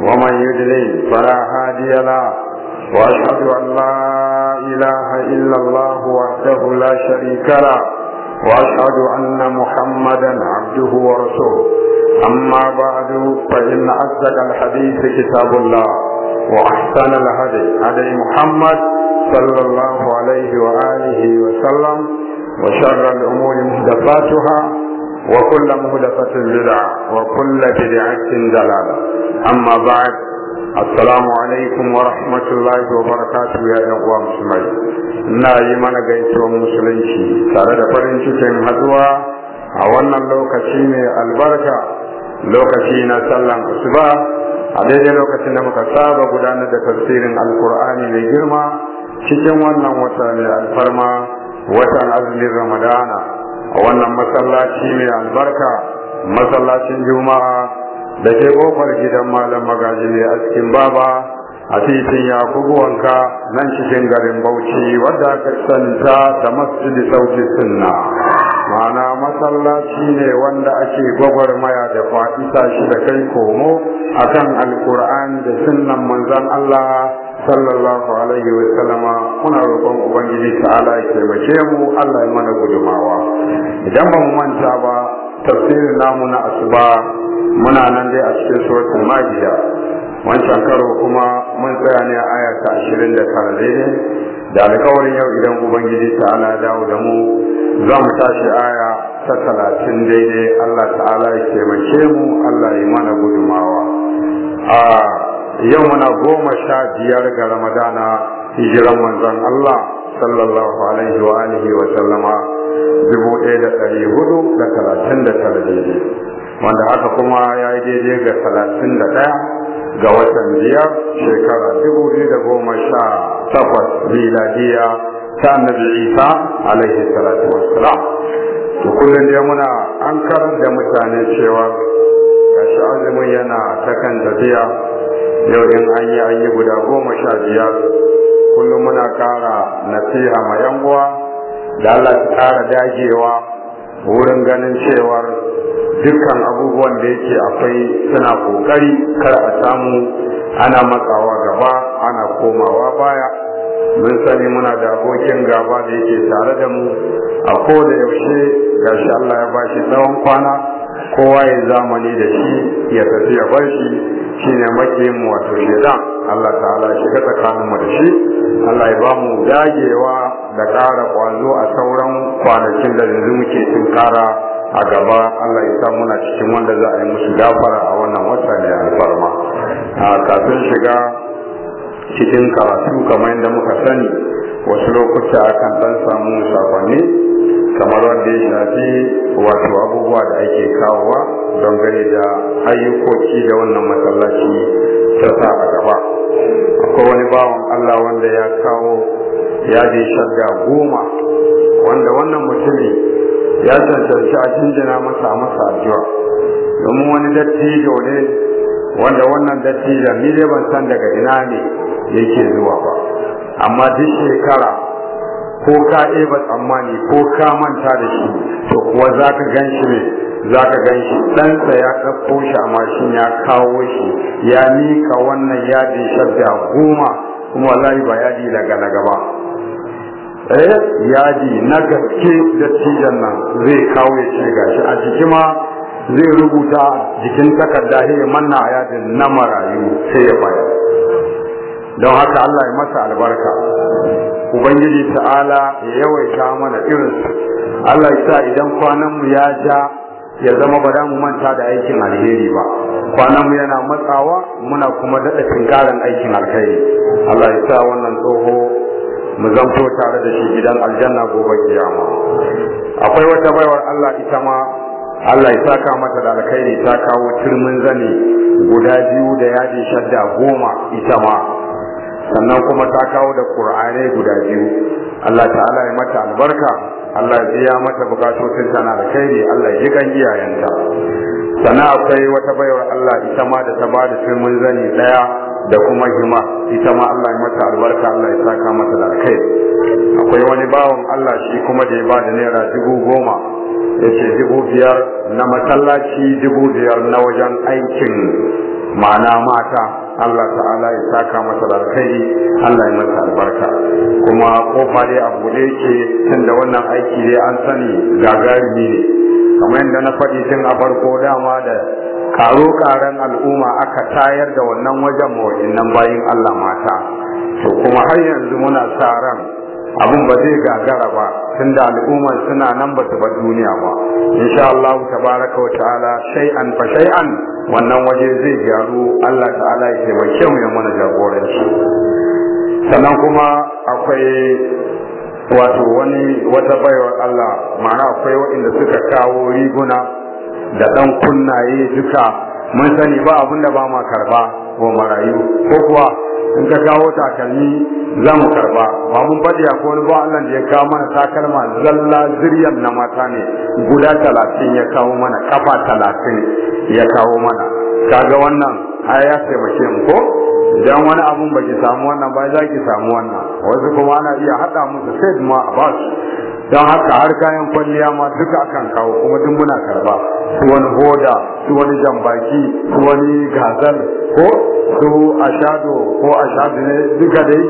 ومن يدلل فلا هادي له وأشهد أن لا إله إلا الله وحده لا شريك له وأشهد أن محمدا عبده ورسوله أما بعد فإن أصدق الحديث كتاب الله وأحسن الهدي هدي محمد صلى الله عليه وآله وسلم وشر الأمور محدثاتها وكل مهدفة بدعة وكل بدعة دلالة أما بعد السلام عليكم ورحمة الله وبركاته يا أخوة مسلمين إنا من قيت ومسلمين تارد فرنشتين هدوى أولا لوكسين البركة لوكسين سلم muka saba gudanar da tafsirin تفسير mai girma cikin wannan wata ne alfarma watan azumin ramadana wannan masallaci mai albarka masallacin juma'a da ke kofar gidan malam magaji mai askin baba titin ya wanka nan cikin garin bauchi wadda aka santa da masjidi sauti sunna ma'ana masallaci ne wanda ake gwagwarmaya da fa'isa shi da kai komo akan alkur'ani da sunnan manzan Allah sallallahu alaihi wa sallama muna roƙon ubangiji ta'ala ya taimake mu Allah ya mana gudumawa idan ba mu manta ba tafsirin namu na asuba muna nan dai a cikin suratul majida wancan karo kuma mun tsaya ne a aya ta 29 daidai da alƙawarin yau idan ubangiji ta ana dawo da mu za mu tashi aya ta talatin daidai Allah ta'ala ya taimake mu Allah ya mana gudumawa a yau muna goma sha biyar ga ramadana hijiran manzon Allah sallallahu alaihi wa alihi wa sallama dubu ɗaya da ɗari hudu da talatin da tara daidai wanda haka kuma ya yi daidai ga talatin da ɗaya ga watan biyar shekara dubu biyu da goma sha takwas miladiya ta annabi isa alaihi salatu wassalam to kullum dai muna an karar da mutane cewa kashi azumin yana ta kan tafiya yau in an yi an yi guda goma sha biyar kullum muna kara nasiha ma yan uwa da Allah su kara dagewa wurin ganin cewar dukkan abubuwan da yake akwai suna kokari kar a samu ana matsawa gaba ana komawa baya mun sani muna da abokin gaba da yake tare da mu a da yaushe gashi Allah ya bashi tsawon kwana kowa ya zamani da shi ya tafi ya bar shine makiyin mu wato shaitan Allah ta'ala ya shiga tsakanin mu da shi Allah ya bamu dagewa da ƙara kwazo a sauran kwanakin da yanzu muke tun ƙara a gaba Allah ya sa muna cikin wanda za a yi musu gafara a wannan wata ne alfarma a kafin shiga cikin karatu kamar yadda muka sani wasu lokuta akan dan samu sakonni kamar wanda ya shafi wato abubuwa da ake kawowa don gani da ayyukoki da wannan masallaci ta sa a gaba akwai wani bawan Allah wanda ya kawo ya je shagga goma wanda wannan mutumin ya cancanci a jinjina masa a masa addu'a domin wani dattijo ne wanda wannan dattijo ni dai ban san daga ina ne yake zuwa ba amma duk shekara ko ka ɗeba tsammani ko ka manta da shi to kuwa za ka gan shi ne za ka gan shi ɗansa ya ɗauko shi a mashin ya kawo shi ya nika wannan yadi shadda goma kuma wallahi ba yadi daga daga ba eh yadi na gaske da cijan nan zai kawo ya ce gashi a jiki ma zai rubuta jikin takarda ya yi manna a yadin na marayu sai ya bayar don haka Allah ya masa albarka ubangiji ta'ala ya yawaita mana irinsu Allah ya sa idan kwanan mu ya ja ya zama ba damu mu manta da aikin alheri ba kwanan mu yana matsawa muna kuma dada tinkarin aikin alkhairi Allah ya sa wannan tsoho mu zanto tare da shi gidan aljanna gobe kiyama akwai wata baiwar Allah ita ma Allah ya saka mata da alkhairi ta kawo turmin zane guda biyu da yadi shadda goma ita ma sannan kuma ta kawo da qur'ani guda biyu Allah ta'ala ya mata albarka Allah ya biya mata bukatocin tana da ne, Allah ya kan iyayenta sana akwai wata baiwar Allah ita ma da ta bada turmin zani daya da kuma hima ita ma Allah ya mata albarka Allah ya saka mata da kai akwai wani bawan Allah shi kuma da ya bada naira dubu goma ya ce dubu biyar na masallaci dubu biyar na wajen aikin ma'ana mata Allah ta'ala ya saka masa da alkhairi Allah ya masa albarka kuma kofa dai a bude yake tunda wannan aiki dai an sani gagarumi ne kamar yadda na faɗi tun a farko dama da karo karan al'umma aka tayar da wannan wajen mawa'in nan bayin Allah mata to kuma har yanzu muna sa ran abin ba zai gagara ba tunda al'umma suna nan ba su bar duniya ba insha Allah tabaraka wa ta'ala shay'an fa shay'an wannan waje zai gyaru Allah ta'ala ya taimake mu ya mana jagoranci sannan kuma akwai wato wani wata baiwar Allah ma'ana akwai waɗanda suka kawo riguna da ɗan kunnaye duka mun sani ba abin da ba ma karba ko marayu ko kuwa in ka kawo takalmi za mu karba ba mun faɗi a wani ba Allah da ya kawo mana takalma zalla ziryan na mata ne guda talatin ya kawo mana kafa talatin ya kawo mana kaga wannan ayaya ya taimake mu ko idan wani abun ba ki samu wannan ba za ki samu wannan wasu kuma ana iya haɗa musu sai ma a ba don haka har kayan kwalliya ma duka akan kawo kuma duk muna karba su wani hoda su wani jambaki su wani gazal ko su ashado ko ashado ne duka dai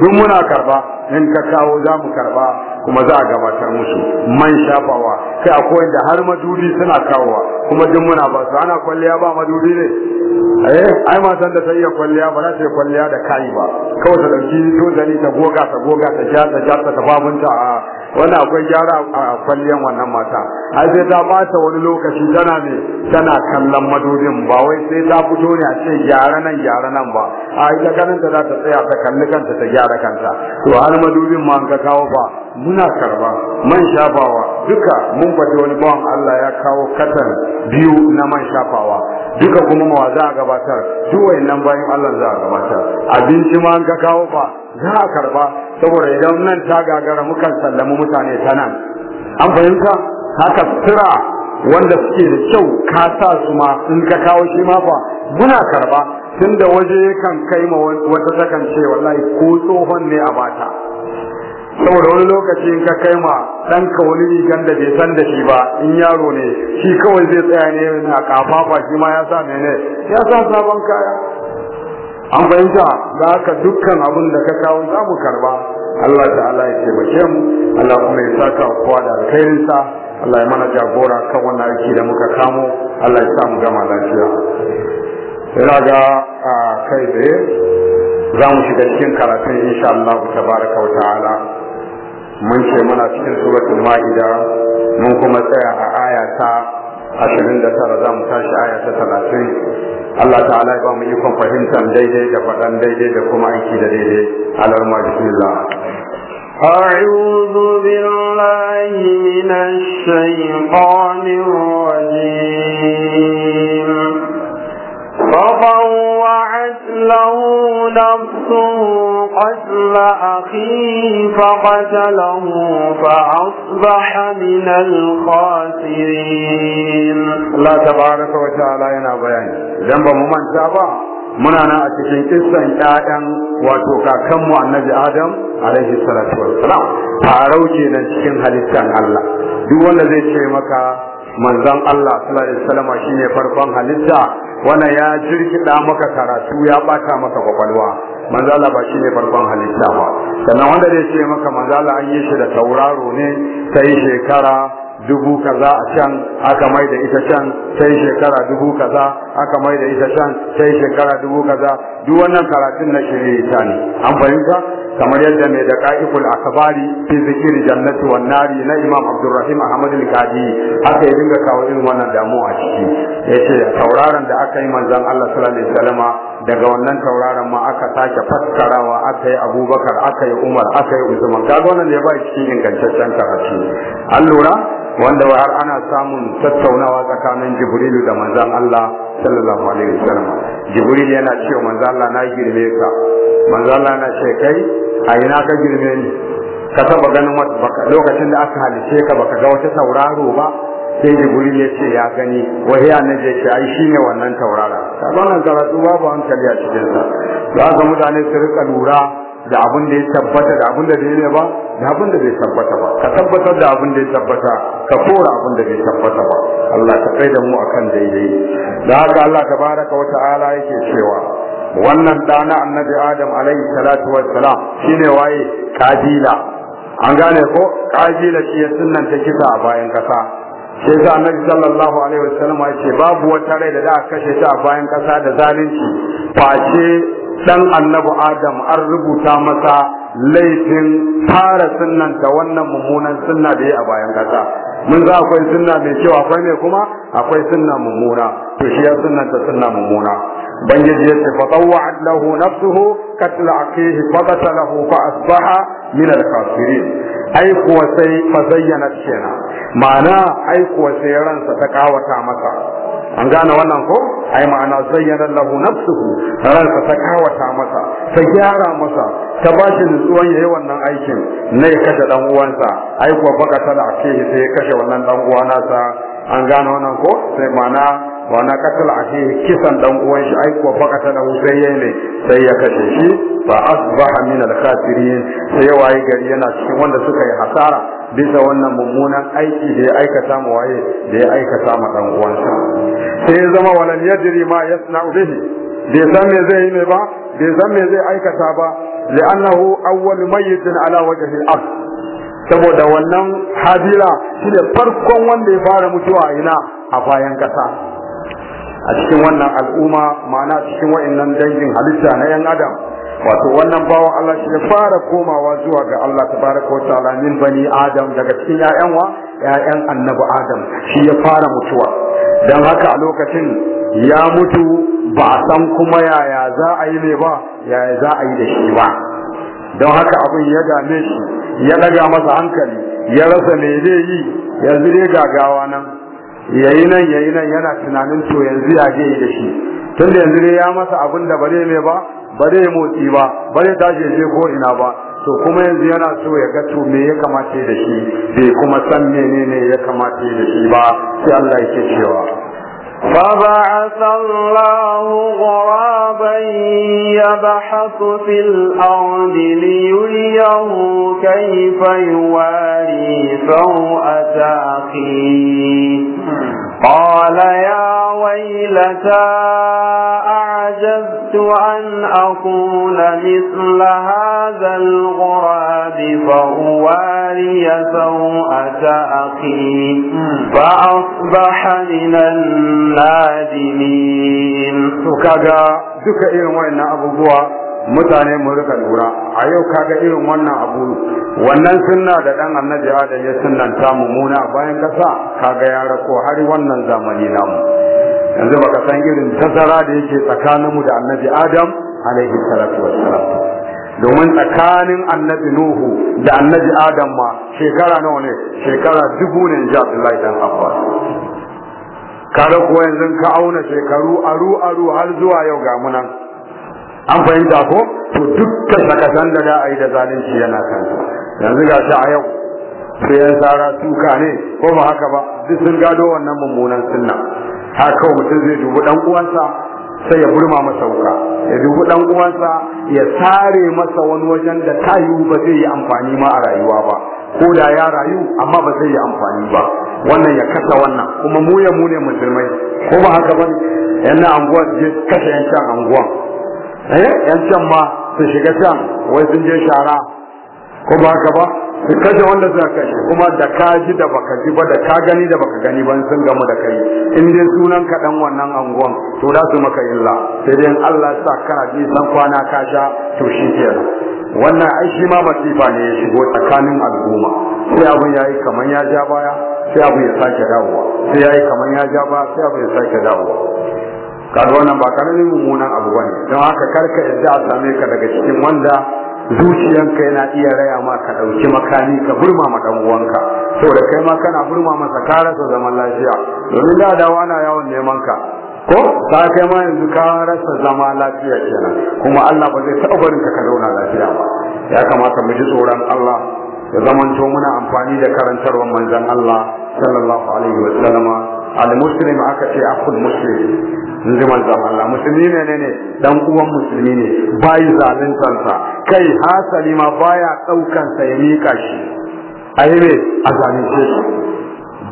duk muna karba in ka kawo za mu karba kuma za a gabatar musu man shafawa kai akwai da har madubi suna kawowa kuma duk muna ba su ana kwalliya ba madubi ne eh ai matan da ta iya kwalliya ba za ta iya kwalliya da kai ba kawai ta dauki to zani ta goga ta goga ta ja ta ja ta mun a wanda akwai gyara a kwalliyan wannan mata har sai ta bata wani lokaci tana ne tana kallon madudin ba wai sai ta fito ne a ce gyara nan gyara nan ba a ita kananta za ta tsaya ta kalli kanta ta gyara kanta to har madudin ma ka kawo ba muna karba man shafawa duka mun faɗi wani bawan Allah ya kawo katan biyu na man shafawa duka kuma mawa za a gabatar duk wayannan bayan Allah za a gabatar abinci ma an ka kawo ba za a karba saboda idan nan ta gagara mukan sallami mutane ta nan an fahimta haka sutura wanda suke da kyau ka sa su ma in ka kawo shi ma fa muna karba tunda waje kan kai ma wata takan ce wallahi ko tsohon ne a bata saboda wani lokaci in ka kai ma ɗanka wani rigan da bai san da shi ba in yaro ne shi kawai zai tsaya ne na kafafa shi ma ya sa mene ya sa sabon kaya an fahimta za ka dukkan abin da ka kawo za mu karba Allah ta'ala ya taimake mu Allah kuma ya saka kowa da alkhairinsa Allah ya mana jagora kan wannan aiki da muka kamo Allah ya sa mu gama lafiya ina ga kai da za mu shiga cikin karatun insha Allah tabaraka wa ta'ala mun ce muna cikin suratul ma'ida mun kuma tsaya a aya ta ashirin da tara za mu tashi aya ta talatin Allah ta'ala ya ba mu ikon fahimtar daidai da faɗan daidai da kuma aiki da daidai alarma bismillah أعوذ بالله من الشيطان الرجيم فطوعت له نفسه قتل أخيه فقتله فأصبح من الخاسرين Allah tabaraka wa ta'ala yana bayani idan ba mu manta ba muna nan a cikin kissan ƴaƴan wato kakanmu annabi Adam alaihi salatu wassalam farau kenan cikin halittan Allah duk wanda zai ce maka manzon Allah sallallahu alaihi wasallam shine farkon halitta wannan ya jirkida maka karatu ya bata maka kwakwalwa manzo Allah ba shine farkon halitta ba sannan wanda zai ce maka manzo Allah an yi shi da tauraro ne sai shekara dubu kaza a can aka mai da ita can sai shekara dubu kaza aka mai da ita can sai shekara dubu kaza duk wannan karatun na shirye ta ne an fahimta kamar yadda mai da a akabari fi zikiri jannati wan nari na imam abdurrahim ahmad al-kadi aka yi dinga kawo irin wannan damuwa a ciki yace tauraron da aka yi manzon Allah sallallahu alaihi wasallama daga wannan tauraron ma aka sake fassarawa aka yi abubakar aka yi umar aka yi usman kaga wannan ne ba cikin ingantaccen karatu an lura wanda har ana samun tattaunawa tsakanin jibrilu da Manzan Allah sallallahu alaihi wasallam jibrilu yana cewa manzan Allah na girme ka manzan Allah na ce kai a ina ka girme ni ka taba ganin lokacin da aka halice ka baka ga wata tauraro ba sai jibrilu ya ce ya gani wai ya naje ce ai shine wannan taurara ta wannan karatu ba, hankali a cikin sa za ga mutane su rika lura da abin da ya tabbata da abin da ne ba da abin da bai tabbata ba ka tabbatar da abin da ya tabbata ka kora abin da bai tabbata ba Allah ta kai da mu akan daidai da haka Allah tabaraka wa ta'ala yake cewa wannan dana annabi Adam alaihi salatu wa salam shine waye kabila an gane ko kabila shi ya ta kisa a bayan kasa sai ga annabi sallallahu alaihi wasallam sallam ce babu wata rai da za a kashe ta a bayan kasa da zalunci face dan annabi adam an rubuta masa laifin fara sunnan da wannan mummunan sunna da ya a bayan kasa mun za akwai sunna mai kyau akwai ne kuma akwai sunna mummuna to shi ya sunnan ta sunna mummuna bangiji yace fa tawwa'at lahu nafsuhu qatl aqihi fa qatalahu fa asbaha min al-kafirin ai kuwa sai fa zayyana kenan ma'ana ai kuwa sai ransa ta kawata masa an gane wannan ko ai ma'ana zayyana lahu nafsuhu ranka ta kawata masa ta gyara masa ta ba shi nutsuwan yi wannan aikin na ya kashe dan uwansa ai kuwa baka tana ake sai ya kashe wannan dan uwa nasa an gane wannan ko sai ma'ana wana na katil kisan dan uwan shi ai ko fakata da sai yayi ne sai ya kashe shi fa asbaha min al khasirin sai waye gari yana cikin wanda suka yi hasara bisa wannan mummunan aiki da ya aikata mu waye da ya aikata ma dan shi sai ya zama walan yadri ma yasna'u bihi bai san me zai yi ne ba bai san me zai aikata ba li'annahu awwal mayyitin ala wajhi al-ard saboda wannan habila shi ne farkon wanda ya fara mutuwa ina a bayan ƙasa a cikin wannan al'umma ma'ana a cikin wa'annan dangin halitta na yan adam wato wannan bawan Allah shi ya fara komawa zuwa ga Allah tabaraka wa ta'ala min bani adam daga cikin ƴaƴan wa ƴaƴan annabi adam shi ya fara mutuwa dan haka a lokacin ya mutu ba a san kuma yaya za a yi ne ba yaya za a yi da shi ba don haka abin ya dame shi ya daga masa hankali ya rasa me zai yi yanzu dai gagawa nan yayi nan yayi nan yana tunanin to yanzu ya je da shi tunda yanzu ne ya masa abin da bare mai ba bare motsi ba bare tashi je ko ina ba to kuma yanzu yana so ya ga to me ya kamata da shi bai kuma san menene ya kamata da shi ba sai Allah yake cewa فبعث الله غرابا يبحث في الأرض ليريه كيف يواري سوءة أخيه قال يا ويلتى أعجبت أن أقول مثل هذا الغراب فأواري سوءة أخي فأصبح من النادمين وكذا duka irin أبو abubuwa mutane mu rika lura a yau kaga irin wannan abu wannan sunna da dan annabi adam ya sunnanta muna bayan kasa kaga ya rako har wannan zamani namu yanzu baka san irin tasara da yake tsakanin mu da annabi adam alaihi salatu wassalam domin tsakanin annabi nuhu da annabi adam ma shekara nawa ne shekara dubu ne ji abdullahi dan abbas kada kuwa yanzu ka auna shekaru aru aru har zuwa yau ga munan an fahimta ko to dukkan sakasan da za a yi da zalunci yana kan yanzu ga shi a yau sai yan tsara suka ne ko ba haka ba duk sun gado wannan mummunan sunna haka mutum zai dubi dan uwansa sai ya burma masa wuka ya dubi dan uwansa ya sare masa wani wajen da ta yiwu ba zai yi amfani ma a rayuwa ba ko da ya rayu amma ba zai yi amfani ba wannan ya kasa wannan kuma mu ya mu musulmai ko ba haka ba yana anguwa je kasa yancan anguwan Eh? yan can ma su shiga can wai sun je shara ko ba haka ba su kashe wanda suka kashe kuma da ka ji da baka ji ba da ka gani da baka gani ba sun gamu da kai in dai sunan ka dan wannan anguwan to za su maka illa sai dai Allah sa kana ji san kwana ka sha to shi kenan wannan ai shi ma masifa ne ya shigo tsakanin al'umma sai abin yayi kaman ya ja baya sai abin ya sake dawowa sai yayi kaman ya ja baya sai abin ya sake dawowa kaga wannan ba karamin mummunan abu bane don haka karka yadda a same ka daga cikin wanda zuciyanka yana iya raya ma ka dauki makami ka burma ma dan uwanka saboda kai ma kana burma masa ka rasa zaman lafiya domin da dawo ana yawon neman ka ko ta kai ma yanzu ka rasa zama lafiya kenan kuma Allah ba zai taɓa barin ka ka zauna lafiya ba ya kamata mu ji tsoron Allah ya zamanto muna amfani da karantarwar manzon Allah sallallahu alaihi wa sallama al-muslim aka ce akul muslim in ji Allah musulmi ne ne dan uwan musulmi ne bai sa kai hasali ma baya daukan sa ya mika shi ayi ne a zalunce shi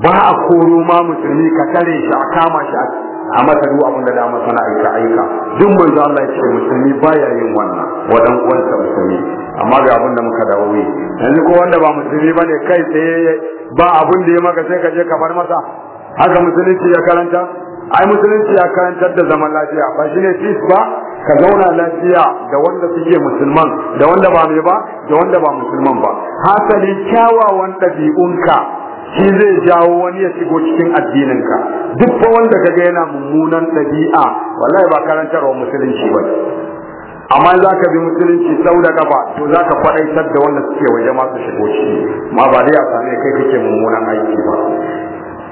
ba a koro ma musulmi ka tare shi a kama shi a masa duk abin da da masa na aika aika duk manzo Allah ya ce musulmi baya yin wannan wa dan uwansa musulmi amma ga abin da muka dawo yi yanzu ko wanda ba musulmi bane kai tsaye ba abin da ya maka sai ka je ka bar masa haka musulunci ya karanta ai musulunci ya karantar da zaman lafiya ba shine peace ba ka zauna lafiya da wanda suke musulman da wanda ba mai ba da wanda ba musulman ba hasali kyawawan ɗabi'unka shi zai jawo wani ya shigo cikin addininka duk fa wanda ga yana mummunan ɗabi'a wallahi ba wa musulunci ba amma za ka bi musulunci sau da gaba to za ka faɗaitar da wanda suke waje masu shigo ciki ma ba dai a same kai kake mummunan aiki ba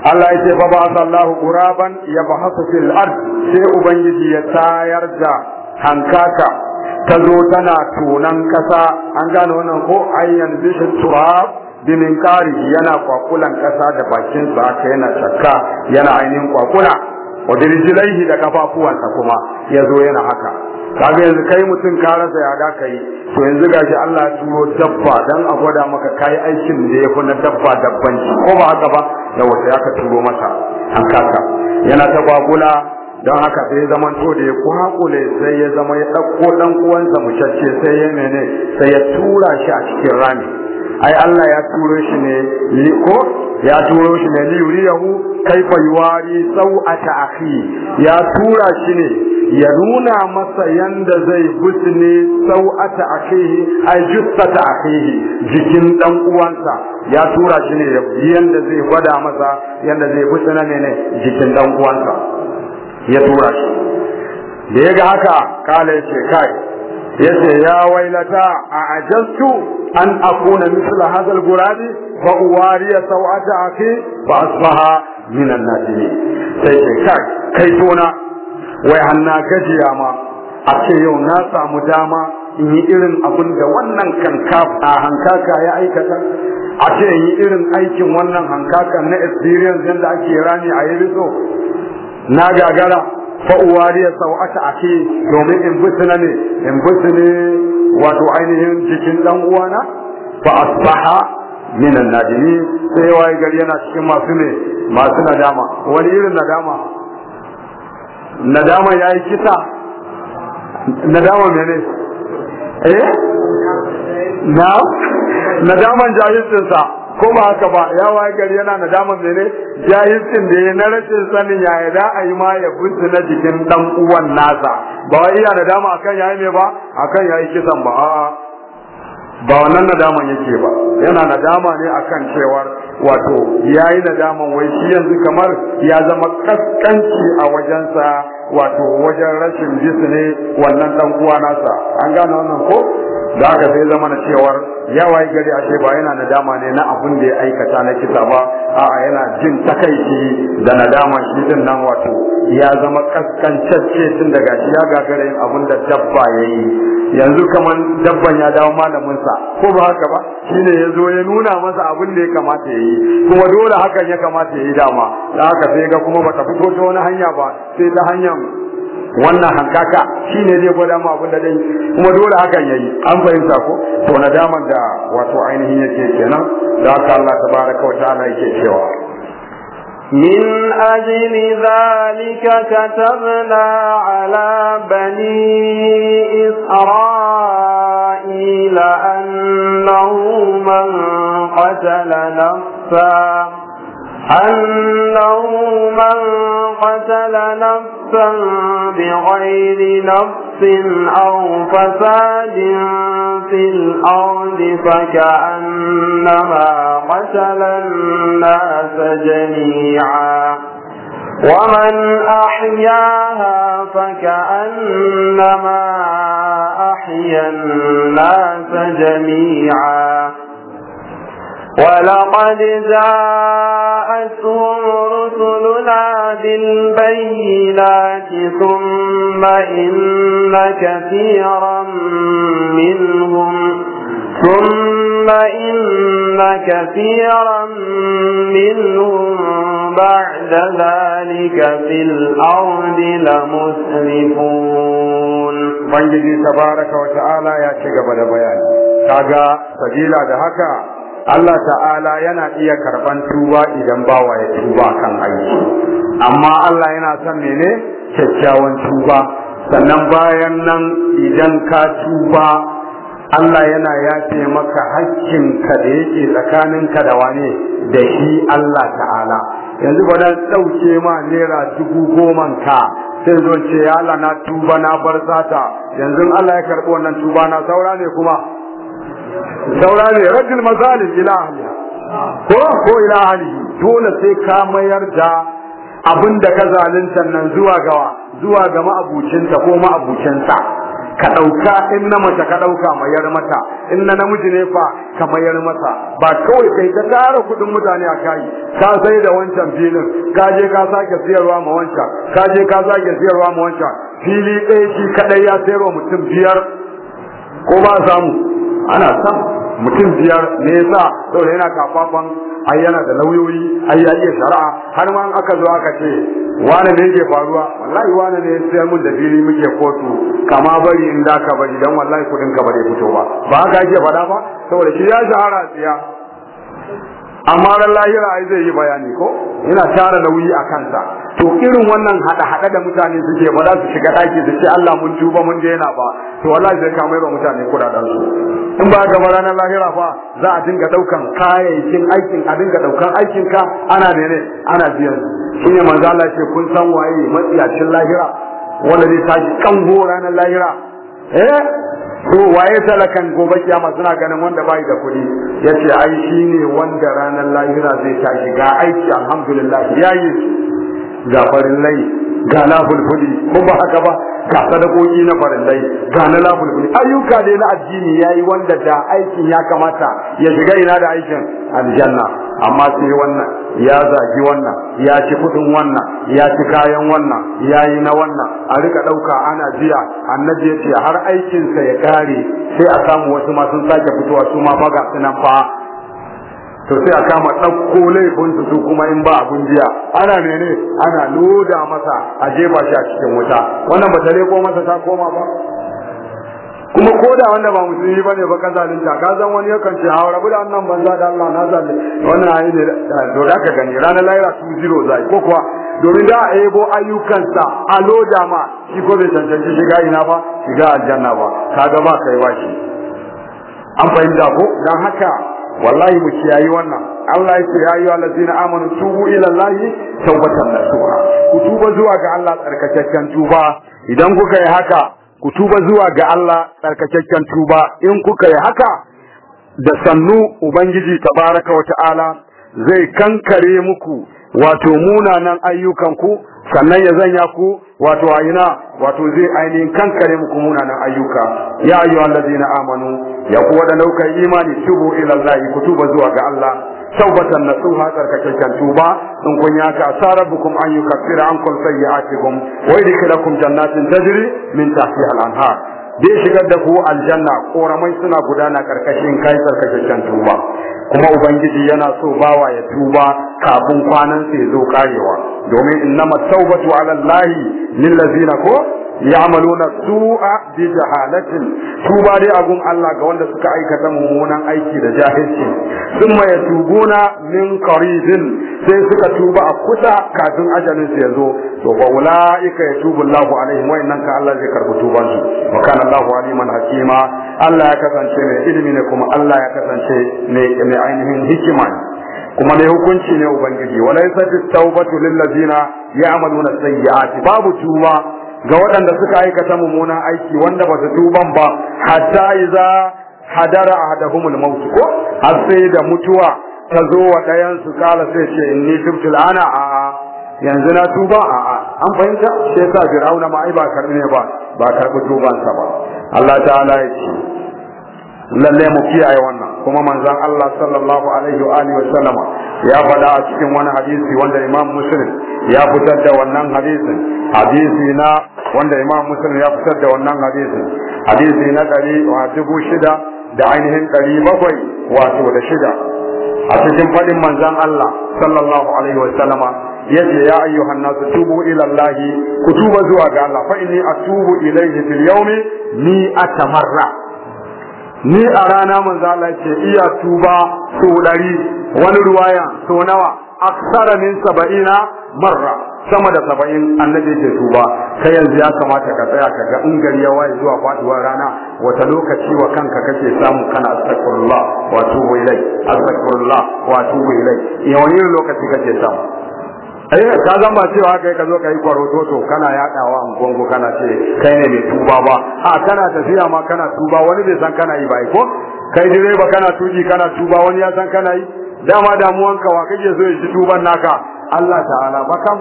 Allah ya ce fa ba Allahu uraban yabhasu fil ard sai ubangiji ya tayar da hankaka ta zo tana tunan kasa an gane wannan ko ayyan bishi turab bimin kari yana kwakulan kasa da bakin sa haka yana shakka yana ainihin kwakula wa dirjilaihi da kafafuwansa kuma ya zo yana haka kaga yanzu kai mutum ka rasa ya da kai to yanzu gashi Allah ya turo dabba dan a gwada maka kai aikin da ya na dabba shi ko ba haka ba da wata ya ka turo masa an kaka yana ta kwakula don haka sai ya zama to da ya kwakule sai ya zama ya ɗauko ɗan uwansa mushashe sai ya mene sai ya tura shi a cikin rami ai Allah ya turo shi ne liko ya turo shi ne li yuriyahu kaifa yuwari sau'ata ta'afi ya tura shi ne ya nuna masa yanda zai sau sau'ata ta'afi a jussata ta'afi jikin dan uwansa ya tura shi ne yanda zai gwada masa yanda zai gusna ne jikin dan uwansa ya tura shi da ya ga haka kala ya ce kai yace ya wailata a ajastu an akuna misla hadal gurabi fa uwariya sawata aki fa asbaha min annasi sai ce kai tona wai hanna gajiya ma a ce yau na samu dama in yi irin abin da wannan a hankaka ya aikata a ce in yi irin aikin wannan hankaka na experience yadda ake rani a yi na gagara fa uwariya aka ake domin in busina ne in busine wato ainihin jikin dan uwana fa asbaha min annadimi sai waye gari yana cikin masu ne masu nadama wani irin nadama nadama yayi kisa nadama mene eh na nadaman jahilcinsa ko ba haka ba ya waye gari yana nadama mene jahilcin da ya na rashin sanin ya da a yi ma ya gudu na jikin dan uwan nasa ba wai iya nadama akan yayi mai ba akan yayi kisan ba a'a ba wannan nadaman yake ba yana nadama ne akan cewar wato yayi nadaman wai shi yanzu kamar ya zama kaskanci a wajensa wato wajen rashin jisu ne wannan dan uwa nasa an gane wannan ko da aka sai zama na cewar ya waye gari a ce ba yana nadama ne na abin da ya aikata na kisa ba a'a yana jin takaici da nadama shi din nan wato ya zama kaskancacce tun daga shi ya gagara yin abin da dabba ya yi yanzu kamar dabban ya dawo malaminsa ko ba haka ba shine ya zo ya nuna masa abin da ya kamata ya yi kuma dole hakan ya kamata ya yi dama da haka sai ga kuma bata fito ta wani hanya ba sai ta hanyar wannan hankaka shi ne zai gwada mu abin da zai kuma dole hakan yayi an fahimta ko to nadaman da wato ainihin yake kenan da haka Allah tabaraka wa ta'ala yake cewa من أجل ذلك كتبنا ala بني إسرائيل أنه من قتل نفسا أنه من قتل نفسا بغير نفس أو فساد في الأرض فكأنما قتل الناس جميعا ومن أحياها فكأنما أحيا الناس جميعا ولقد جاءتهم رسلنا بالبينات ثم إن كثيرا منهم ثم إن كثيرا منهم بعد ذلك في الأرض لمسرفون بنجي تبارك وتعالى يا شيخ بيان كاغا سجيلا دهكا Allah ta'ala yana iya karban tuba idan bawa ya tuba kan aiki amma Allah yana son mene kyakkyawan tuba sannan bayan nan idan ka tuba Allah yana yafe maka ka da yake tsakanin ka da wane da shi Allah ta'ala yanzu ba dan dauke ma naira dubu goma ka sai zo ce Allah na tuba na bar sata yanzu Allah ya karɓi wannan tuba na saura ne kuma saura ne rajul mazalim ila ahliha ko ko ila ahli dole sai ka mayar da abin da ka zalunta nan zuwa gawa zuwa ga ma'abucinta ko ma'abucinta ka ɗauka in na mace ka ɗauka mayar mata in na namiji ne fa ka mayar mata ba kawai kai ta tara kuɗin mutane a kayi ka sai da wancan filin ka je ka sake siyarwa ma wancan ka je ka sake siyarwa ma wancan fili ɗaya shi kaɗai ya sayarwa mutum biyar ko ba samu ana san mutum biyar ne yasa saboda yana kafafan ai da lauyoyi ai ya iya shari'a har ma aka zo aka ce wane ne yake faruwa wallahi wane ne sai mun da fili muke kotu kama bari in da ka bari dan wallahi kudin ka bare fito ba ba ka yake faɗa ba saboda shi ya shahara tsiya amma lallahi lahira zai yi bayani ko yana tara nauyi a kansa to irin wannan hada hada da mutane suke ba za su shiga daki su ce Allah mun tuba mun daina ba to wallahi zai kama irin mutane kudaden su in ba ga ranar lahira fa za a dinga daukan kayayyakin aikin a dinga daukan aikin ka ana ne ana biyan shine manzo Allah ce kun san waye matsiyacin lahira wanda zai tashi kan ranar lahira eh to waye talakan gobe kiyama suna ganin wanda bai da kuɗi yace ai ne wanda ranar lahira zai tashi ga aiki alhamdulillah yayi ga farin lai ga na fulfuli ko ba haka ba ga sadakoki na farillai ga na lafulfuli ayyuka dai na addini yayi wanda da aikin ya kamata ya shiga ina da aikin aljanna amma sai wannan ya zagi wannan ya ci kudin wannan ya ci kayan wannan ya yi na wannan a rika ɗauka ana jiya annabi ya ce har aikinsa ya kare sai a samu wasu ma sun sake fitowa su ma faga sunan fa to sai a kama ɗauko laifin su kuma in ba abun jiya ana mene ana loda masa a jefa shi a cikin wuta wannan ba tare ko masa ta koma ba kuma ko da wanda ba musulmi ba ne ba ka zalunta ka zan wani yakan ce hawa rabu da annan banza da Allah na zalle wannan ayi ne eh, to da ka gani ranar laira 20 zai ko kuwa domin da a yabo ayyukansa a loda ma shi ko bai cancanci shiga ina ba shiga aljanna ba kaga ba kai washi an fahimta ko dan haka wallahi mu kiyayi wannan Allah ya ce ya ayyuhal ladina amanu tubu ila Allahi tawbatan nasuha ku tuba zuwa ga Allah tsarkakakken tuba idan kuka yi haka ku tuba zuwa ga Allah tsarkakakken tuba in kuka yi haka da sannu ubangiji tabaraka wa ta'ala zai kankare muku wato munanan ku sannan ya zanya ku wato ina wato zai ainihin kankare muku munanan ayyuka ya ayyuhal na amanu ya ku wadanda kuka imani tubu ila Allah ku tuba zuwa ga Allah taubatan nasuha tsarkakakken tuba in kun yaka asarabukum an yukaffira ankum sayyi'atikum wa kun jannatin tajiri min tafiya al zai shigar da ku aljanna koramai suna gudana karkashin kai karkashin tuba kuma ubangiji yana so bawa ya tuba kafin kwanan sai zo karewa domin innama tawbatu ala allahi lil ladina ko ya'maluna su'a bi jahalatin su ba dai agun Allah ga wanda suka aikata mummunan aiki da jahilci Sun ma yatubuna min qaribin sai suka tuba a kusa kafin ajalin su zo. to fa ulaika yatubu Allah alaihim wa innaka Allah zai karbu tuban su wa kana Allah aliman hakima Allah ya kasance mai ilimi ne kuma Allah ya kasance mai ainihin hikima kuma mai hukunci ne ubangiji walaysa tawbatu lil ladina ya'maluna sayyi'ati babu tuba ga waɗanda suka aikata mummunan aiki wanda ba su tuban ba hatta iza hadara ahadahumul maut ko har sai da mutuwa ta zo wa ɗayan su kala sai ce inni tubtu ana a yanzu na tuba a a an fahimta sai sa fir'auna ma ai ba karbi ne ba ba karbi sa ba Allah ta'ala ya ce lalle mu kiyaye wannan kuma manzon Allah sallallahu alaihi wa alihi wa sallama ya faɗa a cikin wani hadisi wanda imam muslim ya fitar da wannan hadisin hadisi na wanda imam muslim ya fitar da wannan hadisin hadisi na ɗari wa dubu shida da ainihin ɗari bakwai wato da shida a cikin faɗin manzan Allah sallallahu alaihi wa sallama yace ya ayyuhan nasu tubu ila Allah ku tuba zuwa ga Allah fa inni atubu ilayhi fil yawmi mi'ata marra ni a rana mun ce iya tuba so ɗari wani ruwaya so nawa aksara min saba'ina marra sama da saba'in annabi ke tuba sai yanzu ya kamata ka tsaya ka ga in gari ya waye zuwa faduwar rana wata lokaci wa kanka kake samu kana astaghfirullah wa tubu ilai astaghfirullah wa tubu ilai yawan lokaci kake samu ai eh, ka zan ba cewa kai ka zo ka yi kwarototo kana yadawa gongo kana ce kai ne mai tuba ba a kana tafiya ma kana tuba wani bai san kana yi ba ko kai direba kana tuji kana tuba wani ya san kana yi dama ka wa kake so ya ci tuban naka Allah ta'ala ba ka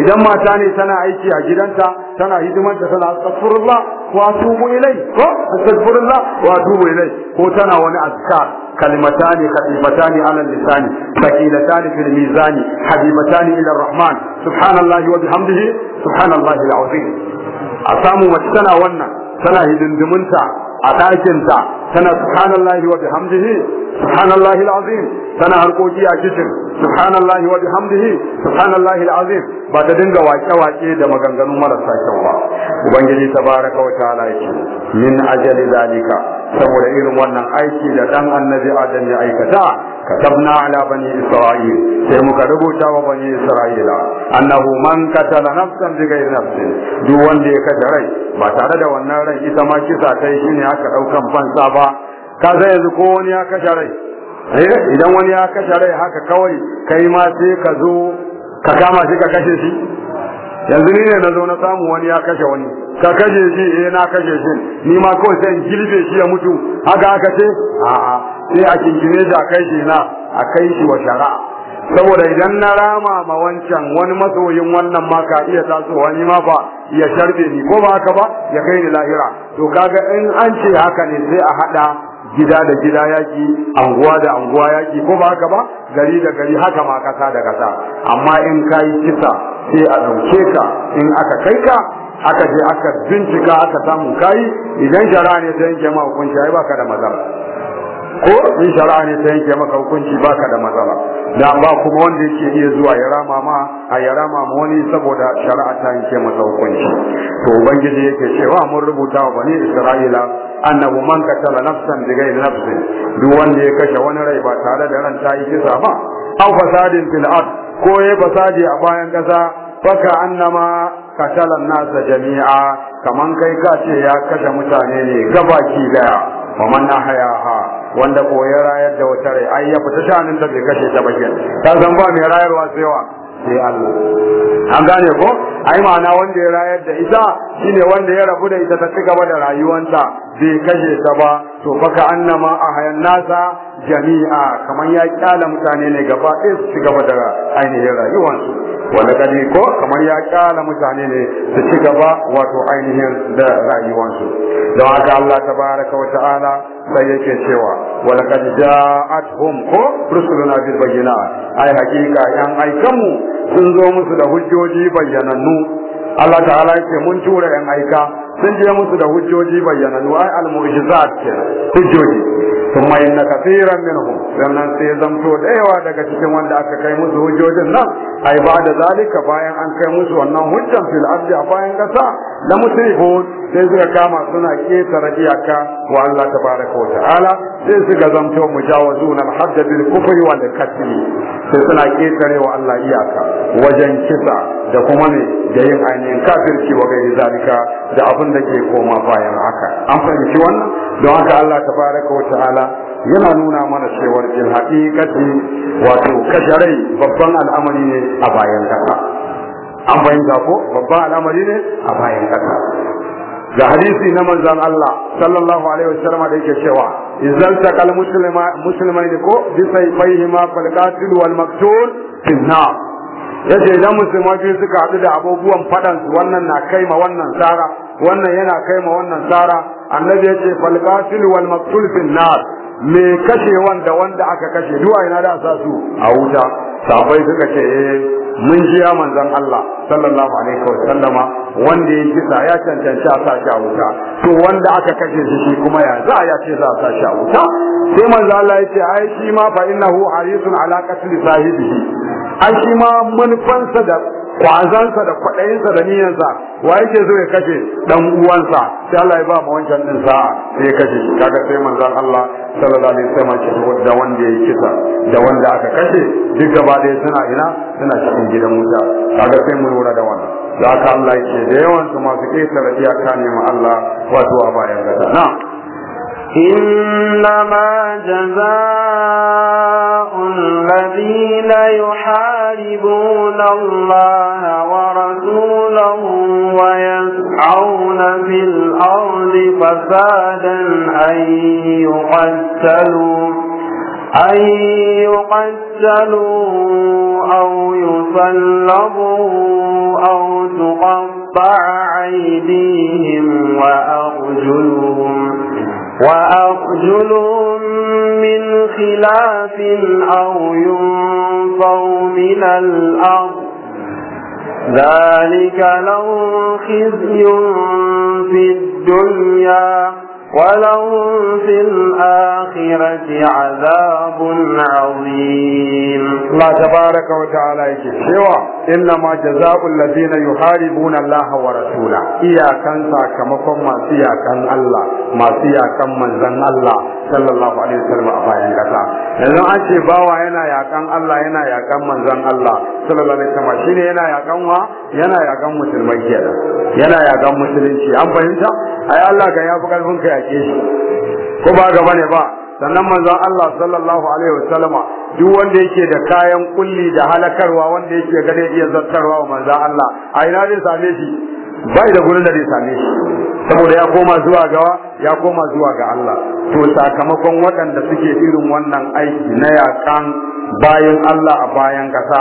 idan mata ne tana aiki a gidanta tana hidimanta tana astaghfirullah wa atubu ilai ko astaghfirullah wa atubu ilai ko tana wani azkar kalimatani khatifatani ala lisani sakilatani fil mizani habibatani ila rahman subhanallahi wa bihamdihi subhanallahi alazim a samu wacce tana wannan tana hidindimunta a ɗakinta tana subhanallahi wa bihamdihi subhanallahi alazim tana harkoki a kitchen subhanallahi wa bihamdihi subhanallahi alazim ba ta dinga wake-wake da maganganun marasa kyau ba ubangiji tabaraka wa ta'ala yake min ajali zalika saboda irin wannan aiki da dan annabi adam ya aikata كتبنا ala بني إسرائيل sai muka rubuta wa إسرائيل isra'ila من man نفسا بغير bi ghairi nafsin duk wanda ya kashe rai ba tare da wannan rai ita ma kisa kai shine aka daukan fansa ba kaza yanzu ko wani ya kashe rai idan ka zo ka kama yanzu ni ne na zo na samu wani ya kashe wani ka kashe shi eh na kashe shi ni ma kawai sai in gilbe shi ya mutu haka aka ce a'a sai a kinkire shi a kai shi na a kai shi wa shara'a saboda idan na rama ma wancan wani masoyin wannan ma ka iya taso wani ma fa ya sharbe ni ko ba haka ba ya kai ni lahira to kaga in an ce haka ne sai a hada gida da gida yaki anguwa da anguwa yaki ko ba haka ba gari da gari haka ma kasa da kasa amma in kai kisa sai a dauke ka in aka kai ka aka je aka bincika aka samu kai idan shara ne sai yanke ma hukunci ai baka da maza. ko in shari'a ne ta yanke maka hukunci baka da matsala da ba kuma wanda yake iya zuwa ya rama ma a ya rama ma wani saboda shari'a ta yanke masa hukunci to ubangiji yake cewa mun rubuta wa bani isra'ila annahu man katala nafsan bighayri nafsin duk wanda ya kashe wani rai ba tare da ran ta yi kisa ba aw fasadin fil ard ko ya fasadi a bayan kasa faka annama katala nasa jami'a kaman kai ka ce ya kashe mutane ne gabaki daya wa man hayaha wanda ko ya rayar da wata rai ai ya fita shanin da bai kashe ta bakin ta san ba mai rayarwa sai wa sai Allah an gane ko ai ma'ana wanda ya rayar da ita shine wanda ya rabu da ita ta ci gaba da rayuwanta bai kashe ta ba to baka annama a hayan nasa jami'a kamar ya kyala mutane ne gaba ɗaya su ci gaba da ainihin rayuwansu wani gari ko kamar ya kyala mutane ne su ci gaba wato ainihin da rayuwansu don haka Allah tabaraka wa ta'ala sai yake cewa wala kad ja'atuhum ko rusuluna bil bayyinat ai hakika yan aikamu sun zo musu da hujjoji bayyanannu Allah ta'ala yake mun tura yan aika sun je musu da hujjoji bayyanannu ai al mu'jizat kenan hujjoji kuma inna kafiran minhum sannan sai zamto da yawa daga cikin wanda aka kai musu hujjojin nan ai ba da zalika bayan an kai musu wannan hujjan fil ardi a bayan kasa da sai suka kama suna ketare iyaka wa Allah tabaraka wa ta'ala sai suka zamto mu al hadd bil kufri wal qatl sai suna ketare wa Allah iyaka wajen kisa da kuma ne da yin ainihin kafirci wa gairi zalika da abin da ke koma bayan haka an fahimci wannan don haka Allah ta fara wa ta'ala yana nuna mana cewar jin haƙiƙati wato kasharai rai babban al'amari ne a bayan ƙasa an fahimta ko babban al'amari ne a bayan ƙasa da hadisi na manzan Allah sallallahu alaihi wasallam da yake cewa idan takal muslima ne ko bi sayfihima fal qatil wal maktul fi nar yace idan musulma biyu suka haɗu da abubuwan faɗansu wannan na kai ma wannan tsara wannan yana kai ma wannan tsara annabi ya ce fal wal maqtul fil nar me kashe wanda wanda aka kashe duwa ina da sa su a wuta sabai suka ce eh mun jiya manzon Allah sallallahu alaihi wa sallama wanda ya kisa ya cancanci a sa shi a wuta to wanda aka kashe shi shi kuma ya za ya ce za a sa shi a wuta sai manzon Allah ya ce ai shi ma fa innahu harisun ala qatl sahibihi ai shi ma mun fansa da kwazansa da kwaɗayinsa da niyansa wa yake so ya kashe dan uwansa sai Allah ya ba mu wancan din sa'a sai ya kace kaga sai manzon Allah sallallahu alaihi wasallam ce da wanda ya kisa da wanda aka kashe duk gaba ɗaya suna ina suna cikin gidan wuta kaga sai mu lura da wannan da haka Allah ce da yawan su masu da iyaka ne ma Allah wato a bayan gada na'am إنما جزاء الذين يحاربون الله ورسوله ويسعون في الأرض فسادا أن يقتلوا أن يقتلوا أو يصلبوا أو تقطع أيديهم وأرجلهم وأرجلهم من خلاف أو ينفوا من الأرض ذلك لهم خزي في الدنيا ولهم في الآخرة عذاب عظيم الله تبارك وتعالى سوى إنما جزاء الذين يحاربون الله ورسوله إياكا كما كما سياكا الله ما سياكا من الله sallallahu alaihi wasallam a bayan kasa yanzu an ce bawa yana yakan Allah yana yakan manzon Allah sallallahu alaihi wasallam shine yana yakan wa yana yakan musulmai kenan yana yakan musulunci an fahimta ai Allah ga yafi karfin ka yake shi ko ba gaba ne ba sannan manzon Allah sallallahu alaihi wasallam duk wanda yake da kayan kulli da halakarwa wanda yake gane iya zartarwa wa manzon Allah a ina zai same shi ba da gurin da zai same shi saboda ya koma zuwa gawa ya koma zuwa ga Allah to sakamakon waɗanda suke irin wannan aiki na yakan bayan Allah a bayan kasa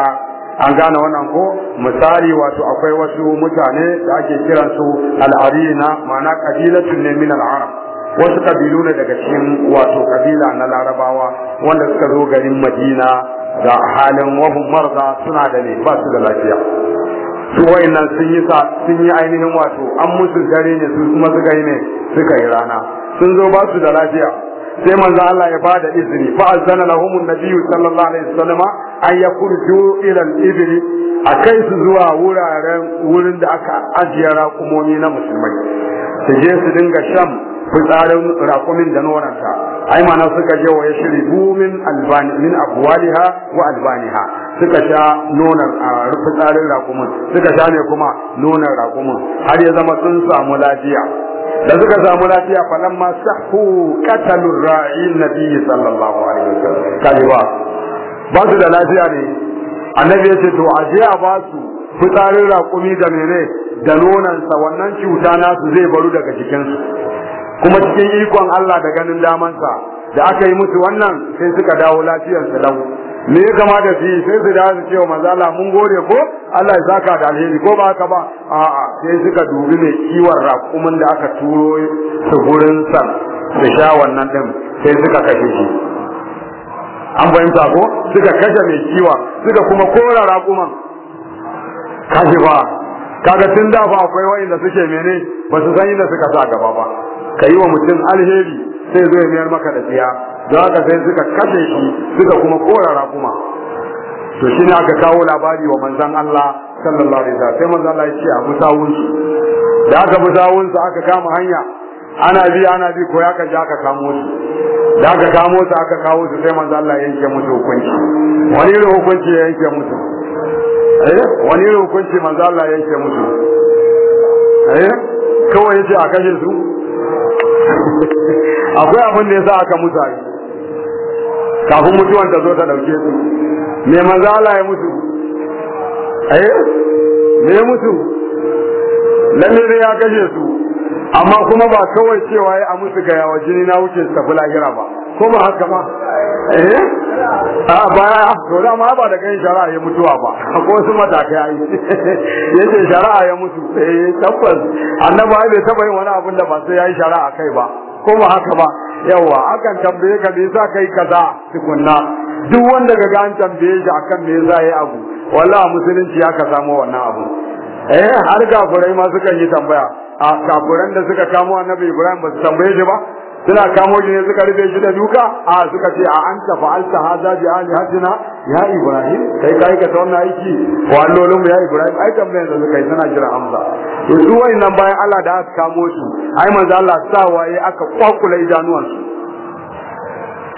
an gane wannan ko misali wato akwai wasu mutane da ake kiransu arina ma'ana kabilatun ne min al-arab wasu kabilu daga cikin wato kabila na larabawa wanda suka zo garin madina da halin wahun marza suna da ne ba su da lafiya su wayannan sun yi sun yi ainihin wato an musu dare ne su kuma suka yi ne suka yi rana sun zo ba su da lafiya sai manzo Allah ya ba da izini fa azana lahum an-nabiy sallallahu alaihi wasallama an yakurju ila al-ibli akai su zuwa wuraren wurin da aka ajiye raƙumomi na musulmai su je su dinga sham fitsarin raƙumin da noranta ai mana suka je wa yashribu min albani min abwaliha wa albaniha suka sha nonar a rufin tsarin raƙumin suka sha ne kuma nonar raƙumin har ya zama sun samu lafiya da suka samu lafiya falan ma sahu qatalur na biyu sallallahu alaihi wasallam ba ba su da lafiya ne annabi ya ce to je a ba su fitsarin rakumi da mene da nonansa wannan cuta nasu zai baru daga jikinsu kuma cikin ikon Allah da ganin damansa da aka yi musu wannan sai suka dawo lafiyarsu lau me ya kamata su yi sai su dace cewa ce mun gode ko Allah ya saka da alheri ko ba haka ba a'a sai suka dubi mai kiwon raƙumin da aka turo su gurin sa su sha wannan din sai suka kashe shi an fahimta ko suka kashe mai kiwa suka kuma kora raƙuman kashe ba kaga tun da fa akwai wa'inda suke mene ba su san inda suka sa gaba ba ka yi wa mutum alheri sai zai mayar maka da tsiya don haka sai suka kashe shi suka kuma korara kuma to shi ne aka kawo labari wa manzan Allah sallallahu alaihi wasallam sai manzan Allah ya ce a musawun su da aka musawun su aka kama hanya ana bi ana bi ko ya kaje aka kamo su da aka kamo su aka kawo su sai manzan Allah ya yanke musu hukunci wani irin hukunci ya yanke musu eh wani irin hukunci manzan Allah ya yanke musu eh kawai yace a kashe su akwai abin da yasa aka musu kafin mutuwan ta zo ta dauke su me manzo Allah ya mutu eh me ya mutu lalle ya kashe su amma kuma ba kawai cewa ya musu ga yawa jini na wuce su tafi lahira ba ko ba haka ba eh a baya to da ma ba da kan shari'a ya mutuwa ba ko su mataka yayi yace shari'a ya mutu eh tabbas annabi bai taba yin wani abin da ba sai yayi shari'a kai ba ko ba haka ba yawa akan tambaye ka me yasa kai kaza tukunna duk wanda ga an tambaye shi akan me yasa yayi abu wallahi musulunci aka samu wannan abu eh har gafurai ma sukan yi tambaya a kafuran da suka kamo annabi Ibrahim ba su tambaye shi ba suna kamo shi ne suka rufe shi da duka a suka ce a an anta fa'alta hadha bi alihatina ya ibrahim kai kai ka aikata wannan aiki ko allolin ya ibrahim ai tambayan da suka yi suna jira amsa to su wayannan bayan Allah da aka kamo su ai manzo Allah sa waye aka kwakula idanuwan su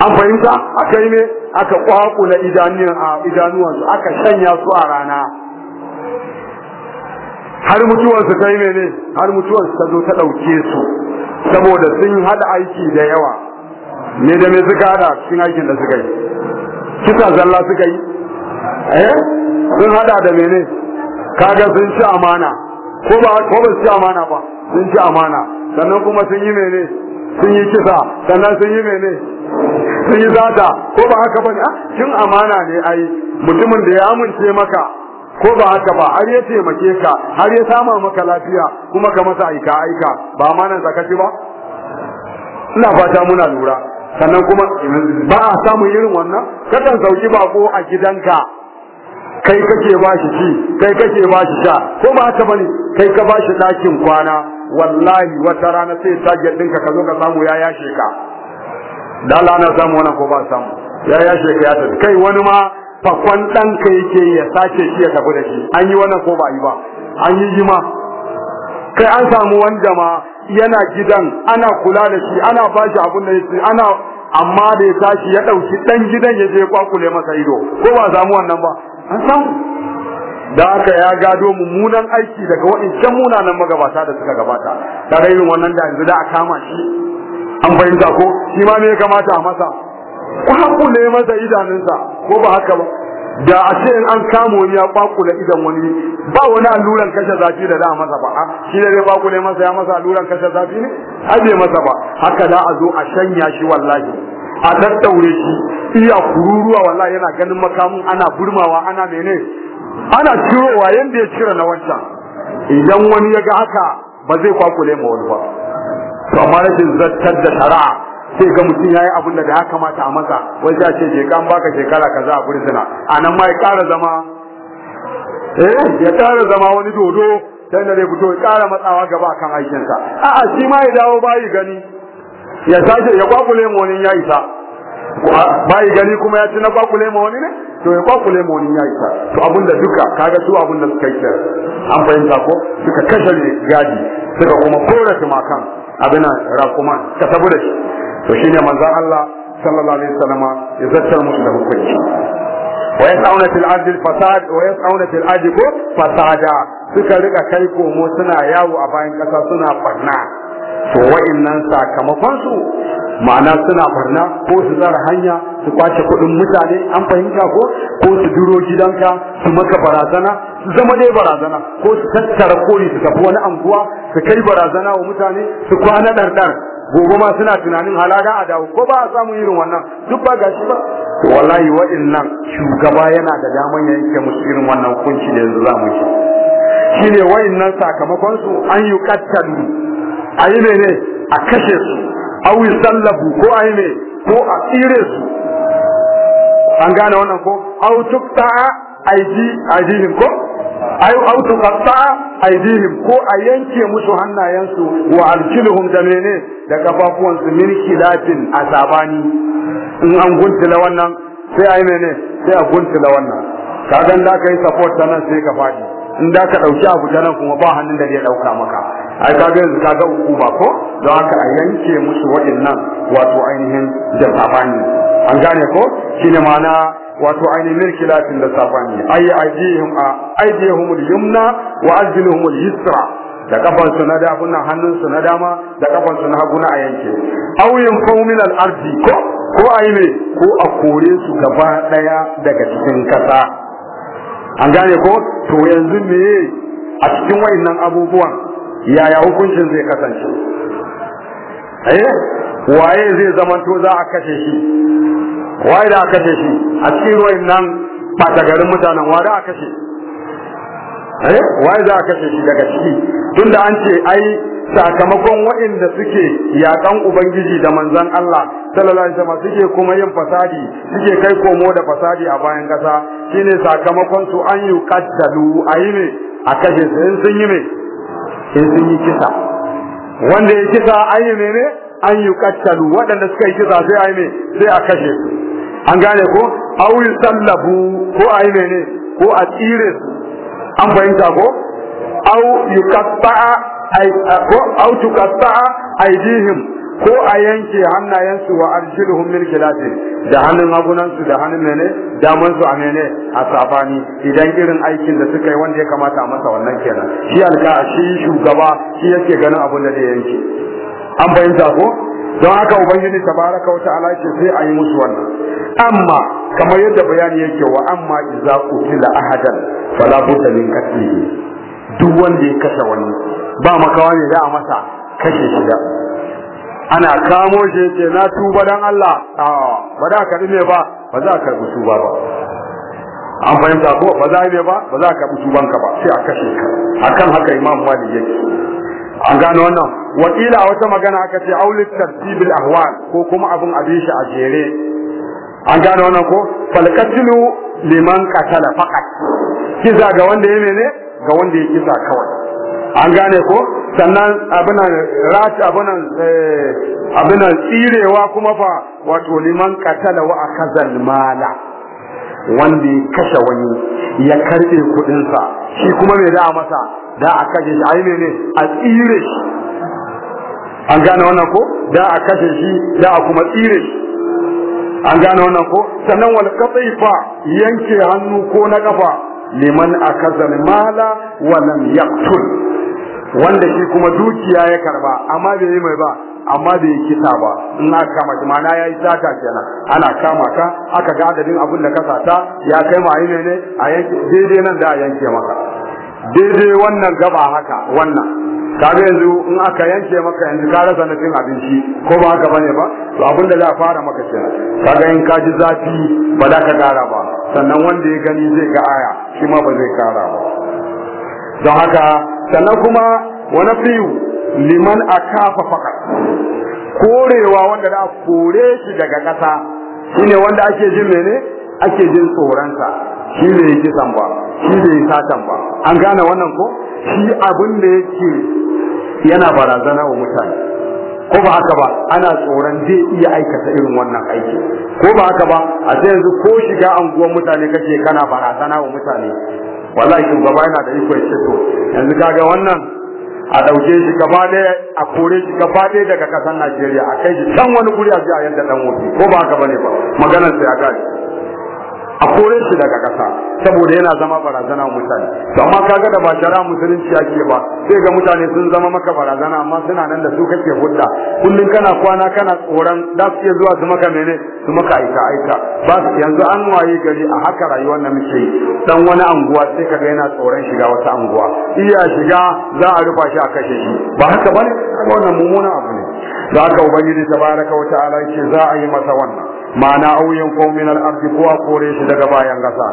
an fahimta aka yi ne aka kwakula idanuwan su aka shanya su a rana har mutuwansu ta yi ne har mutuwansu ta zo ta ɗauke su saboda sun hada aiki da yawa ne da mai suka hada cikin aikin da suka yi kisa zalla suka yi eh sun hada da mene kaga sun ci amana ko ba ko ba ci amana ba sun ci amana sannan kuma sun yi mene sun yi kisa sannan sun yi mene sun yi zata ko ba haka ba ne kin ah, amana ne ai mutumin da ya amince maka ko ba haka ba har ya taimake ka har ya sama maka lafiya kuma ka masa aika aika ba ma nan zakaci ba ina fata muna lura sannan kuma ba a samun irin wannan kakan sauki bako a gidanka kai kake ba shi ci kai kake ba shi sha ko ba haka bane kai ka ba shi ɗakin kwana wallahi wata rana sai ta ɗinka ka zo ka samu ya yashe ka da Allah na samu wannan ko ba samu ya yashe ka ya tafi kai wani ma fakon ɗanka yake ya sace shi ya tafi da shi an yi wannan ko ba yi ba an yi jima kai an samu wanda ma yana gidan ana kula da shi ana ba shi abin da yake ana amma da ya tashi ya ɗauki ɗan gidan ya je kwakule masa ido ko ba samu wannan ba an samu da aka ya gado mummunan aiki daga waɗancan munanan magabata da suka gabata da irin wannan da yanzu da a kama shi an fahimta ko shi ma me ya kamata a masa kwakule masa idanunsa ko ba haka ba da a ce in an kama wani ya kwakula idan wani ba wani alluran kashe zafi da da masa ba a shi da zai kwakule masa ya masa alluran kashe zafi ne aje masa ba haka da a zo a shanya shi wallahi a daddaure shi iya kururuwa wallahi yana ganin makamun ana burmawa ana mene ana cirowa yanda ya cire na wancan idan wani ya ga haka ba zai kwakule ma wani ba to amma zartar da shari'a sai ga mutum yayi abin da ya kamata a masa wai sai a ce je kan baka shekara kaza a burzina nan ma ya ƙara zama eh, ya ƙara zama wani dodo ta da zai fito ya ƙara matsawa gaba kan aikinsa a'a shi ma ya dawo bayi gani ya sashe ya kwakule mu wani ya isa bayi gani kuma ya ci na kwakule mu wani ne to ya kwakule mu wani ya isa to da duka kaga su da suka yi an fahimta ko suka kashe gadi suka kuma kora tumakan abin rakuma ka tabu da shi to shine manzo Allah sallallahu alaihi wasallama ya zartar musu da hukunci wa yas'auna fil ardi fasad wa fil ardi fasada suka rika kai komo suna yawo a bayan kasa suna barna to wa'annan sakamakon su ma'ana suna barna ko su zara hanya su kwace kuɗin mutane an fahimta ko ko su duro gidanka su maka barazana su zama dai barazana ko su tattara kori su tafi wani anguwa su kai barazana wa mutane su kwana ɗarɗar gobe ma suna tunanin halaga a dawo ko ba a samu irin wannan duk ba gashi ba wallahi wa'annan shugaba yana da daman ya yanke musu irin wannan kunci da yanzu za mu Shi ne, wa'annan sakamakon su an yi kattalu ayi ne ne a kashe su wuyi sallabu. ko ayi ne ko a tsire su an gane wannan ko aw tukta aidi ko ay au tuqatta aydihim ko a yanke musu hannayensu wa alkiluhum da mene da kafafuwan su min khilafin a sabani in an guntula wannan sai yi mene sai a guntula wannan kaga da yi support ta nan sai ka fadi in da ka dauki abu ta nan kuma ba hannun da zai ɗauka maka ai ka ga yanzu ga uku ba ko don haka a yanke musu waɗannan wato ainihin da sabani an gane ko shine ma'ana wato ainihin milki lafin da safani ay aydihim a aydihum al-yumna wa arjuluhum al-yusra da kafan su na dafuna hannun su na dama da kafan su na haguna a yanke aw qawmin al-ardi ko ko ayi ko a kore su gaba daya daga cikin kasa an gane ko to yanzu me a cikin wayannan abubuwan yaya hukuncin zai kasance eh waye zai zamanto za a kashe shi waye da a kashe shi a cikin ruwan nan fata garin mutanen wa da a kashe eh waye za a kashe shi daga ciki tunda an ce ai sakamakon waɗanda suke yaƙan ubangiji da manzon Allah sallallahu alaihi wasallam suke kuma yin fasadi suke kai komo da fasadi a bayan ƙasa shine sakamakon su an yi qaddalu ayi ne a kashe su in sun yi me in sun yi kisa wanda ya kisa ayi ne ne an yi yuqattalu waɗanda suka yi kisa sai ai sai a kashe su an gane ko aw sallabu, ko ai mene ko a tsire an fahimta ko aw yuqatta'a ay ko aw ko a yanke hannayensu wa arjuluhum min kilati da hannun abunansu da hannun mene daman su a mene a sabani idan irin aikin da suka yi wanda ya kamata a masa wannan kenan shi alka shi shugaba shi yake ganin abun da zai yanke an fahimta ko don haka ubangiji tabaraka wa ta'ala ce sai a yi musu wannan amma kamar yadda bayani yake wa amma idza qutila ahadan fala budda min ne duk wanda ya kashe wani ba makawa ne za a masa kashe shi da ana kamo shi ce na tuba dan Allah a ba da ka ne ba ba za ka karbi tuba ba an fahimta ko ba za ne ba ba za ka karbi tuban ka ba sai a kashe ka akan haka imam malik yake an gano wannan wakila a wata magana aka ce aulit tartibil ahwal ko kuma abin abin shi a jere an gano wannan ko falqatilu liman qatala faqat kiza ga wanda ya ne ga wanda ya kiza kawai an gane ko sannan nan rati abinan eh, nan tsirewa kuma fa wato liman qatala wa akazal mala wanda ya kashe wani ya karbe kudin sa shi kuma mai da masa da a kashe shi a ne a tsire shi an gane wannan ko da a kashe shi da a kuma tsire shi an gane wannan ko sannan wal qatifa yanke hannu ko na kafa liman akaza mala wa lam yaqtul wanda shi kuma dukiya ya karba amma bai yi mai ba amma bai kisa ba ina kama shi mana yayi sata kenan ana kama ka aka ga adadin abin da ka sata ya kai ma yi ne a yanke daidai nan da a yanke maka daidai wannan gaba haka wannan kaga yanzu in aka yanke maka yanzu ka rasa na cin abinci ko ba haka bane ba to abin da za a fara maka kenan kaga in ka ji zafi ba za ka kara ba sannan wanda ya gani zai ga aya shi ma ba zai kara ba don haka sannan kuma wani fiyu liman a kafa faka korewa wanda za a kore shi daga ƙasa shine wanda ake jin mene ake jin tsoronsa shi ne yake kisan ba shi ne yake satan ba an gane wannan ko shi abin da yake yana barazana wa mutane ko ba haka ba ana tsoron zai iya aikata irin wannan aiki ko ba haka ba a sai yanzu ko shiga anguwan mutane kace kana barazana wa mutane wallahi shugaba yana da iko ya to yanzu kaga wannan a ɗauke shi gaba ɗaya a kore shi gaba ɗaya daga ƙasar Najeriya a kai shi can wani guri a ji a yadda ɗan wofi ko ba haka bane ba maganar sai a gaji a kore shi daga kasa saboda yana zama barazana mutane to amma kaga da ba shara musulunci ake ba sai ga mutane sun zama maka barazana amma suna nan da su kake hudda kullun kana kwana kana tsoron da su iya zuwa su maka mene su maka aika aika ba su yanzu an waye gari a haka rayuwar namiji muke dan wani anguwa sai kaga yana tsoron shiga wata anguwa iya shiga za a rufa shi a kashe shi ba haka bane kaga wannan mummunan abu ne da haka ubangiji tabaraka wa ta'ala yake za a yi masa wannan mana auyen ko min al-ardi ko kore shi daga bayan gasa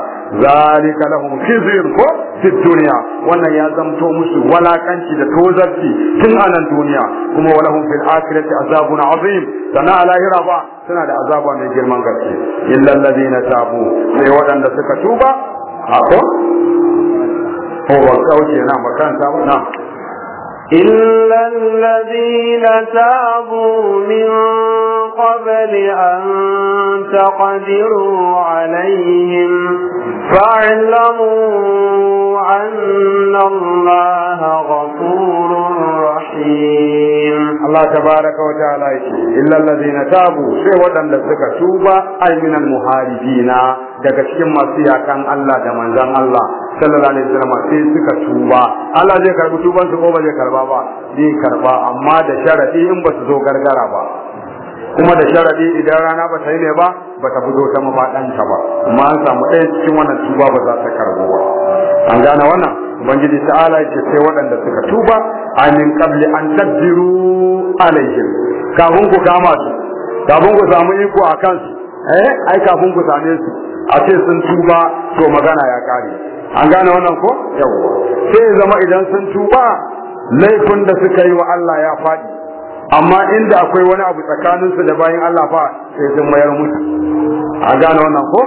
zalika lahum khizir ko fi dunya wannan ya zamto musu walakanci da tozarci tun a nan duniya kuma walahum fil akhirati azabun azim sana a lahira ba suna da azaba mai girman gaske illa na tabu sai waɗanda suka tuba a ko ko wa na makanta na إلا الذين تابوا من قبل أن تقدروا عليهم فاعلموا أن الله غفور رحيم الله تبارك وتعالى إلا الذين تابوا سوى ودن توبة أي من المهاجرين daga cikin masu الله دمان الله sallallahu alaihi wasallam sai suka tuba Allah zai karbi tuban su ko ba zai karba ba zai karba amma da sharadi in ba su zo gargara ba kuma da sharadi idan rana ba ta yi ne ba ba ta fito ta mafaɗanta ba amma an samu ɗaya cikin wannan tuba ba za ta karbo ba an gane wannan ubangiji ta'ala yake sai waɗanda suka tuba amin qabli an tadbiru alaihim kafin ku kama su kafin ku samu iko a kansu eh ai kafin ku same su a ce sun tuba to magana ya kare an gane wannan ko yawwa sai zama idan sun tuba laifin da suka yi wa Allah ya faɗi amma inda akwai wani abu tsakaninsu da bayan Allah fa sai sun mayar musu an gane wannan ko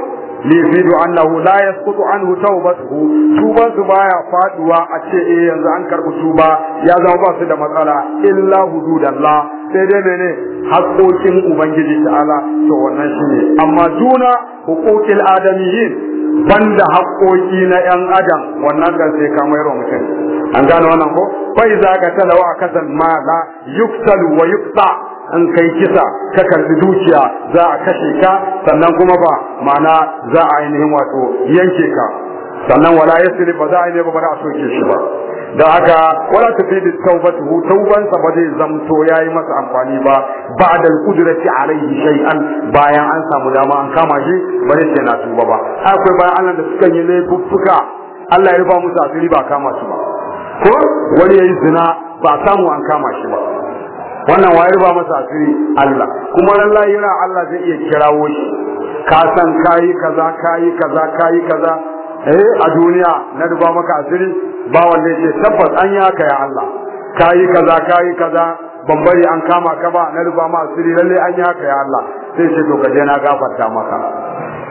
lifidu annahu la yasqutu anhu tawbatuhu tuban su baya faduwa a ce eh yanzu an karbi tuba ya zama ba su da matsala illa hududallah sai dai mene haƙoƙin ubangiji ta'ala to wannan shine amma duna huquqil adamiyyin banda haƙoƙi na ‘yan adam wannan kan sai ka mayar wa mutum an gano wannan ko bai za ka talawa a kasan maza yuktalu wa yuqta an kai kisa ka karbi dukiya za a kashe ka sannan kuma ba ma'ana za a ainihin wato yanke ka sannan wala yasri ba za a yi ba ba a soke shi ba da haka wala da tawbatuhu tawban sa ba zai zamto yayi masa amfani ba ba da qudrati alaihi shay'an bayan an samu dama an kama shi ba zai ce na tuba ba akwai bayan Allah da suka yi laifuffuka Allah ya rufa musu asiri ba kama su ba ko wani yayi zina ba samu an kama shi ba wannan wayar ba masa asiri Allah kuma Allah yana Allah zai iya kirawo shi ka san kayi kaza kayi kaza kayi kaza eh a duniya na duba maka asiri ba wanda yake tabbas an yi haka ya Allah kayi kaza kayi kaza ban bari an kama ka ba na duba ma asiri lalle an yi haka ya Allah sai ce to kaje na gafarta maka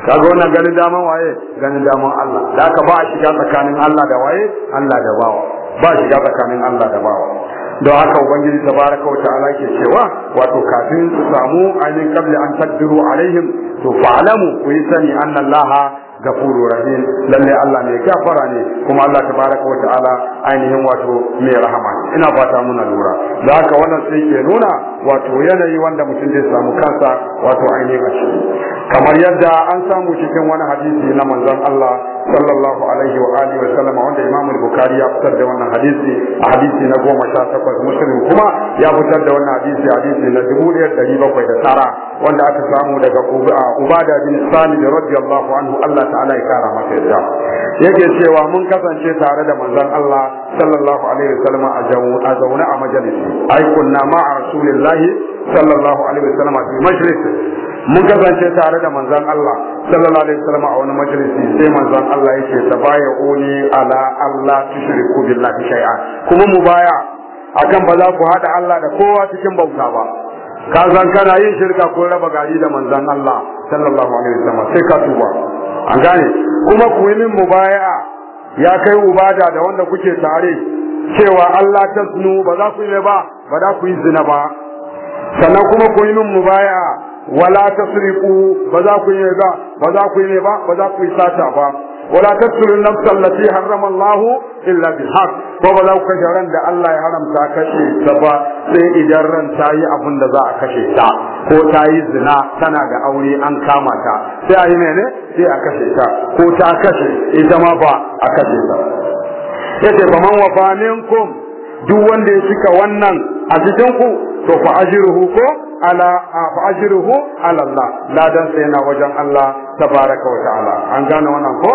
kaga wannan ganin daman waye ganin daman Allah da ka ba a shiga tsakanin Allah da waye Allah da bawa ba shiga tsakanin Allah da bawa don haka ubangiji tabaraka wa ta'ala ke cewa wato kafin su samu ainihin kabli an takdiru alaihim to fa'lamu ku yi sani annallaha gafuru rahim lalle Allah ne gafara ne kuma Allah tabaraka wa ta'ala ainihin wato mai rahama ina fata muna lura da haka wannan sai ke nuna wato yanayi wanda mutum zai samu kansa wato ainihin kamar yadda an samu cikin wani hadisi na manzon Allah sallallahu alaihi wa alihi wa sallam wanda Imam Bukhari ya fitar da wannan hadisi a hadisi na goma sha takwas Muslim kuma ya fitar da wannan hadisi hadisi na dubu da da bakwai 1709 wanda aka samu daga Ubada bin Samit radiyallahu anhu Allah ta'ala ya kara masa yadda. yake cewa mun kasance tare da manzon Allah sallallahu alaihi wa sallam a zaune a majalisi ai kunna ma'a rasulillahi sallallahu alaihi wa sallam fi majlis mun kasance tare da manzan Allah sallallahu alaihi wasallam a wani majalisi sai manzan Allah yake uni ala Allah tushriku billahi shay'a kuma mu baya akan ba za ku hada Allah da kowa cikin bauta ba ka san kana yin shirka ko raba gari da manzan Allah sallallahu alaihi wasallam sai ka tuba an gane kuma ku yi min mubaya'a ya kai ubada da wanda kuke tare cewa Allah tasnu ba za ku yi ba ba za ku yi zina ba sannan kuma ku yi min mubaya'a wala tasriqu ba za ku yi ba ba za ku yi ba ba za ku yi sata ba wala ta an-nafsa allati harrama Allah illa bil haqq ko ba za ku kashe ran da Allah ya haramta kashe ta ba sai idan ran ta yi abin da za a kashe ta ko ta yi zina tana da aure an kama ta sai a yi mene sai a kashe ta ko ta kashe ita ma ba a kashe ta yace wa wafa minkum duk wanda ya cika wannan a cikin ku to fa ajruhu ko ala fa ajruhu ala Allah ladan sai yana wajen Allah tabaraka wa ta'ala an gane wannan ko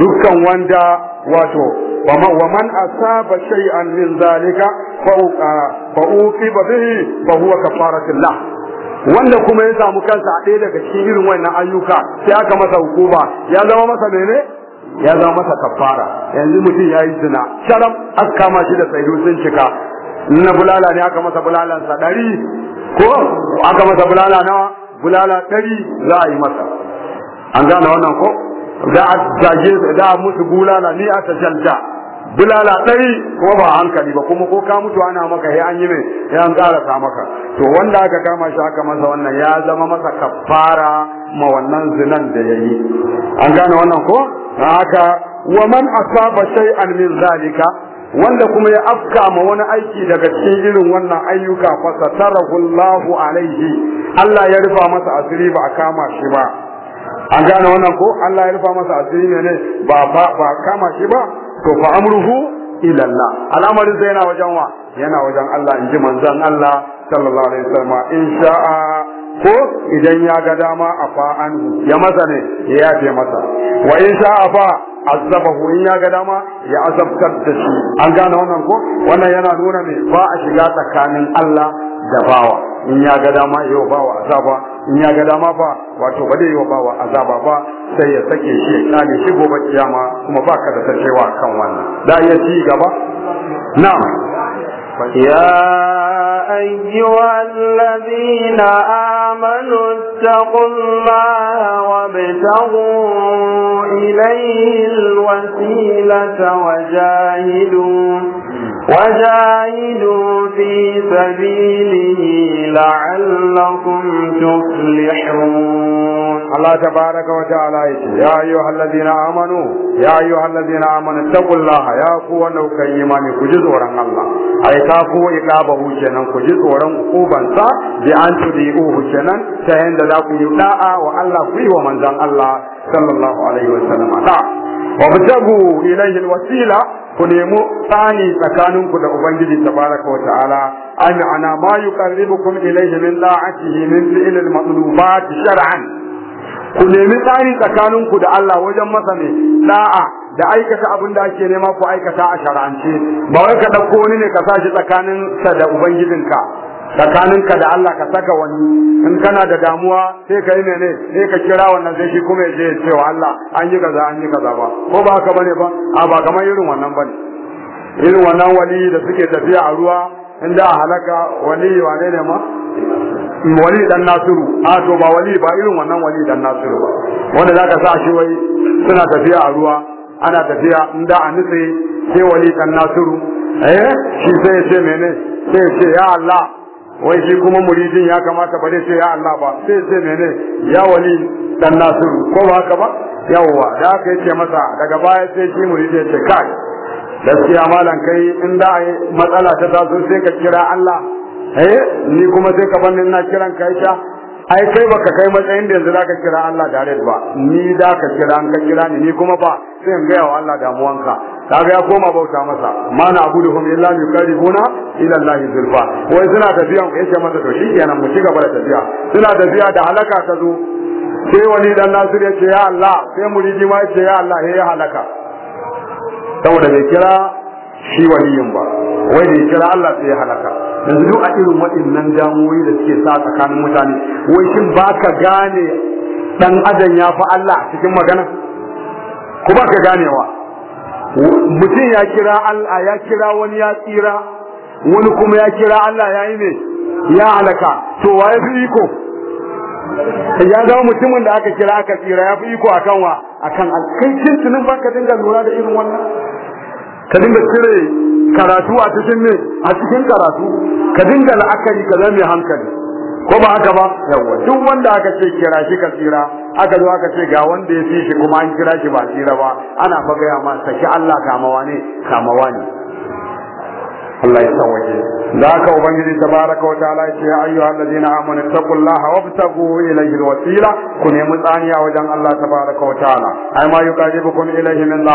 dukkan wanda wato wa man asaba shay'an min zalika fa uqiba bihi fa huwa kafaratullah wanda kuma ya samu kansa a ɗaya daga cikin irin wannan ayyuka sai aka masa hukuma ya zama masa mene ya zama masa kafara yanzu mutum ya yi zina sharam aka kama shi da tsaido sun cika na bulala ne aka masa bulalansa ɗari ko aka masa bulala nawa bulala ɗari za a yi masa an gane wannan ko za a zage za a musu bulala ni a tajalda bulala ɗari ko ba hankali ba kuma ko ka mutu ana maka ya an yi mai ya an ƙarasa maka to wanda aka kama shi aka masa wannan ya zama masa kafara ma wannan zinan da ya yi an gane wannan ko haka wa man asaba shay'an min zalika wanda kuma ya afka ma wani aiki daga cikin irin wannan ayyuka fa satarahu Allahu alaihi Allah ya rufa masa asiri ba a kama shi ba an gane wannan ko Allah ya rufa masa asiri ne ba ba ba kama shi ba to fa amruhu ila Allah al'amarin sai yana wajen wa yana wajen Allah in ji manzon Allah sallallahu alaihi wasallam insha'a. ko idan ya ga dama a anhu ya masa ne ya yafe masa wa in sha afa azabahu in ya ga dama ya azabtar da shi an gane wannan ko wannan yana nuna ne, ba a shiga tsakanin Allah da bawa in ya ga dama ya yi bawa azaba in ya ga dama ba wato ba zai yi bawa azaba ba sai ya sake shi ya kane shi gobe kiyama kuma ba ka da tacewa kan wannan da ya ci gaba na'am يا أيها الذين آمنوا اتقوا الله وابتغوا إليه الوسيلة وجاهدوا وجاهدوا في سبيله لعلكم تفلحون الله تبارك وتعالى يا أيها الذين آمنوا يا أيها الذين آمنوا اتقوا الله يا قوة نوكيما من كجزورا الله ai ka ko iqabahu kenan ku ji tsoron ubansa bi an tudiuhu kenan ta yanda za ku yi da'a wa Allah ku yi wa manzon Allah sallallahu alaihi wasallam da wa butagu ilayhi alwasila ku nemi tsani tsakanin ku da ubangiji tabaraka wa ta'ala ai ana ma yuqarribukum ilayhi min da'atihi min fi'l almatlubat shar'an ku nemi tsakanin tsakaninku da Allah wajen masa ne da'a da aikata abin da ake nema ku aikata a shar'ance ba wai ka dauko wani ne ka sashi tsakanin sa da ubangijinka tsakaninka da Allah ka saka wani in kana da damuwa sai ka yi mene sai ka kira wannan sai shi kuma ya je wa Allah an yi kaza an yi kaza ba ko ba haka bane ba a ba kamar irin wannan bane irin wannan wali da suke tafiya a ruwa inda a halaka wali wane ne ma wali dan nasiru a to ba wali ba irin wannan wali dan nasiru ba wanda zaka sa shi wai suna tafiya a ruwa ana tafiya in a nutse sai wali kan nasiru eh shi sai ce mene sai ce ya Allah wai shi kuma muridin ya kamata bare sai ya Allah ba sai ce mene ya wali dan nasiru ko ba haka ba yawwa da aka yace masa daga baya sai shi muridin ya ce kai gaskiya malam kai in da matsala ta taso sai ka kira Allah eh ni kuma sai ka banni ina kiran ka ta. ai kai baka kai matsayin da yanzu zaka kira Allah da direct ba ni ka kira an ka kira ni ni kuma ba sai ga yawa Allah muwanka kaga ya koma bauta masa mana abuduhum illa yuqaribuna ila Allah zulfa wai suna tafiya yace masa to Yana mu shiga bara tafiya suna tafiya da halaka ta zo sai wani dan Nasir ya ce ya Allah sai muridi ma ya ce ya Allah ya halaka saboda bai kira shi waliyin ba wai da kira Allah sai ya halaka yanzu duk a irin waɗannan damuwoyi da suke sa tsakanin mutane wai shin ba ka gane ɗan adam ya fi Allah cikin magana ko ba ka ganewa mutum ya kira Allah ya kira wani ya tsira wani kuma ya kira Allah ya yi ne ya halaka to wa ya fi iko ya zama mutumin da aka kira aka tsira ya fi iko akan wa akan alkai tunin ba ka dinga lura da irin wannan ka dinga cire karatu a cikin ne a cikin karatu ka dinga la'akari ka zame hankali ko ba haka ba yawa duk wanda aka ce kira shi ka tsira aka zo aka ce ga wanda ya fi shi kuma an kira shi ba tsira ba ana fa gaya ma saki Allah kamawa ne kamawa ne Allah ya sauke da haka ubangiji tabaraka wa ta'ala ce ya ayyuha allazina amanu taqullaha wabtagu ilayhi alwasila ku nemi tsaniya wajen Allah ta tabaraka wa ta'ala ai ma yuqadibukum ilayhi min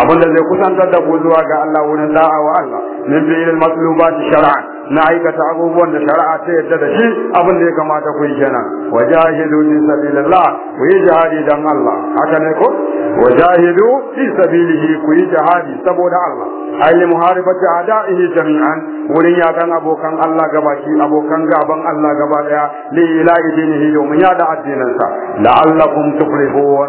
abin da zai kusantar da ku ga Allah wurin da'a wa Allah min fi'il almatlubati shar'an na aikata abubuwan da shari'a ta yadda da shi abin da ya kamata ku yi kenan wajahidu fi sabilillah ku yi jihadi dan Allah haka ne ko wajahidu fi sabilihi ku yi jihadi saboda Allah ai a ada'ihi aduwi jami'an wurin yakan abokan Allah gabaki abokan gaban Allah gaba daya li ilahi dinihi domin yada addinansa la'allakum tuflihun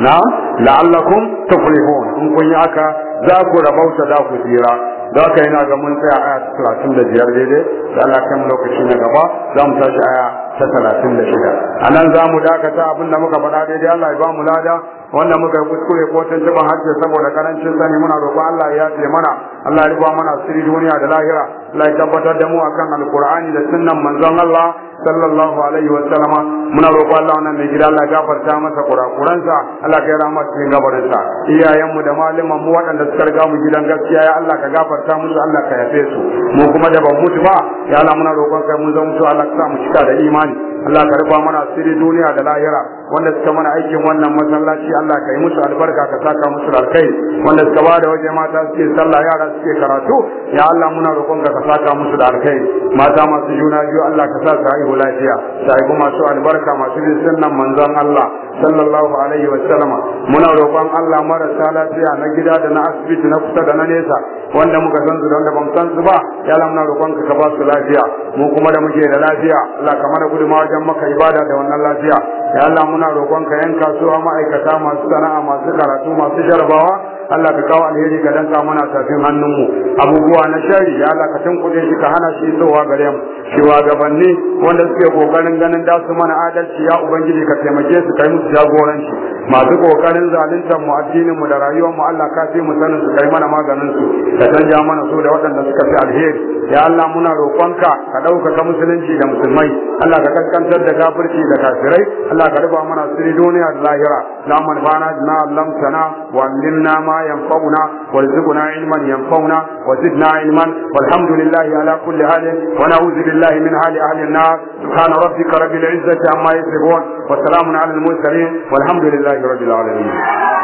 na la'allakum tuflihun in kun yi haka za ku rabauta za ku tsira za ka yana ga mun tsaya aya ta talatin da biyar daidai da Allah kan lokaci na gaba za mu tashi aya ta talatin da shida a nan za mu dakata abin da muka faɗa daidai Allah ya ba mu lada wanda muka kuskure ko tun jiban hajji saboda karancin sani muna roƙon Allah ya ce mana Allah ya rufa mana asiri duniya da lahira Allah ya tabbatar da mu akan alqur'ani da sunnan manzon Allah sallallahu alaihi wa sallam muna roƙon Allah wannan mai gida Allah gafarta masa kurakuransa Allah ka yara masa gabarinsa iyayenmu da malaman mu waɗanda suka riga mu gidan gaskiya ya Allah ka gafarta musu Allah ka yafe su mu kuma da ban mutu ba ya Allah muna roƙon kai mun zama mutu Allah ka sa mu cika da imani Allah ka rufa mana asiri duniya da lahira wanda suka mana aikin wannan masallaci Allah ka yi musu albarka ka saka musu alkai wanda suka ba da waje mata suke sallah yara suke karatu ya Allah muna roƙon ka saka musu da alkai mata masu juna biyu Allah ka sa su haihu lafiya su haihu masu albarka masu bin sunnan manzon Allah sallallahu alaihi wa sallam muna roƙon Allah marasa lafiya na gida da na asibiti na kusa da na nesa wanda muka san su da wanda ban san su ba ya Allah muna roƙon ka ka ba su lafiya mu kuma da muke da lafiya Allah ka mana gudunmawa wajen maka ibada da wannan lafiya ya Allah muna roƙonka yan kasuwa ma'aikata masu sana'a masu karatu masu jarabawa Allah ka kawo alheri ga danka muna tafin hannunmu abubuwa na shari ya Allah ka shi ka hana shi isowa gare mu gabanni wanda suke kokarin ganin da su mana adalci ya ubangiji ka taimake su kai musu jagoranci masu ƙoƙarin zaluntar mu addinin mu da rayuwar mu Allah ka fi mu sanin su kai mana maganin su ka canja mana su da waɗanda suka fi alheri ya Allah muna roƙonka ka ɗaukaka musulunci da musulmai Allah ka kankantar da kafirci da kafirai Allah ka rufa mana sirri duniya da lahira la na Allah sana wa allimna ma yanfa'una warzuqna ilman yanfa'una wa zidna ilman walhamdulillahi ala kulli halin wa na'udzu billahi min hali ahli an-nar subhana rabbika rabbil izzati amma yasifun wa salamun ala al-mursalin Walhamdulillahi rabbil alamin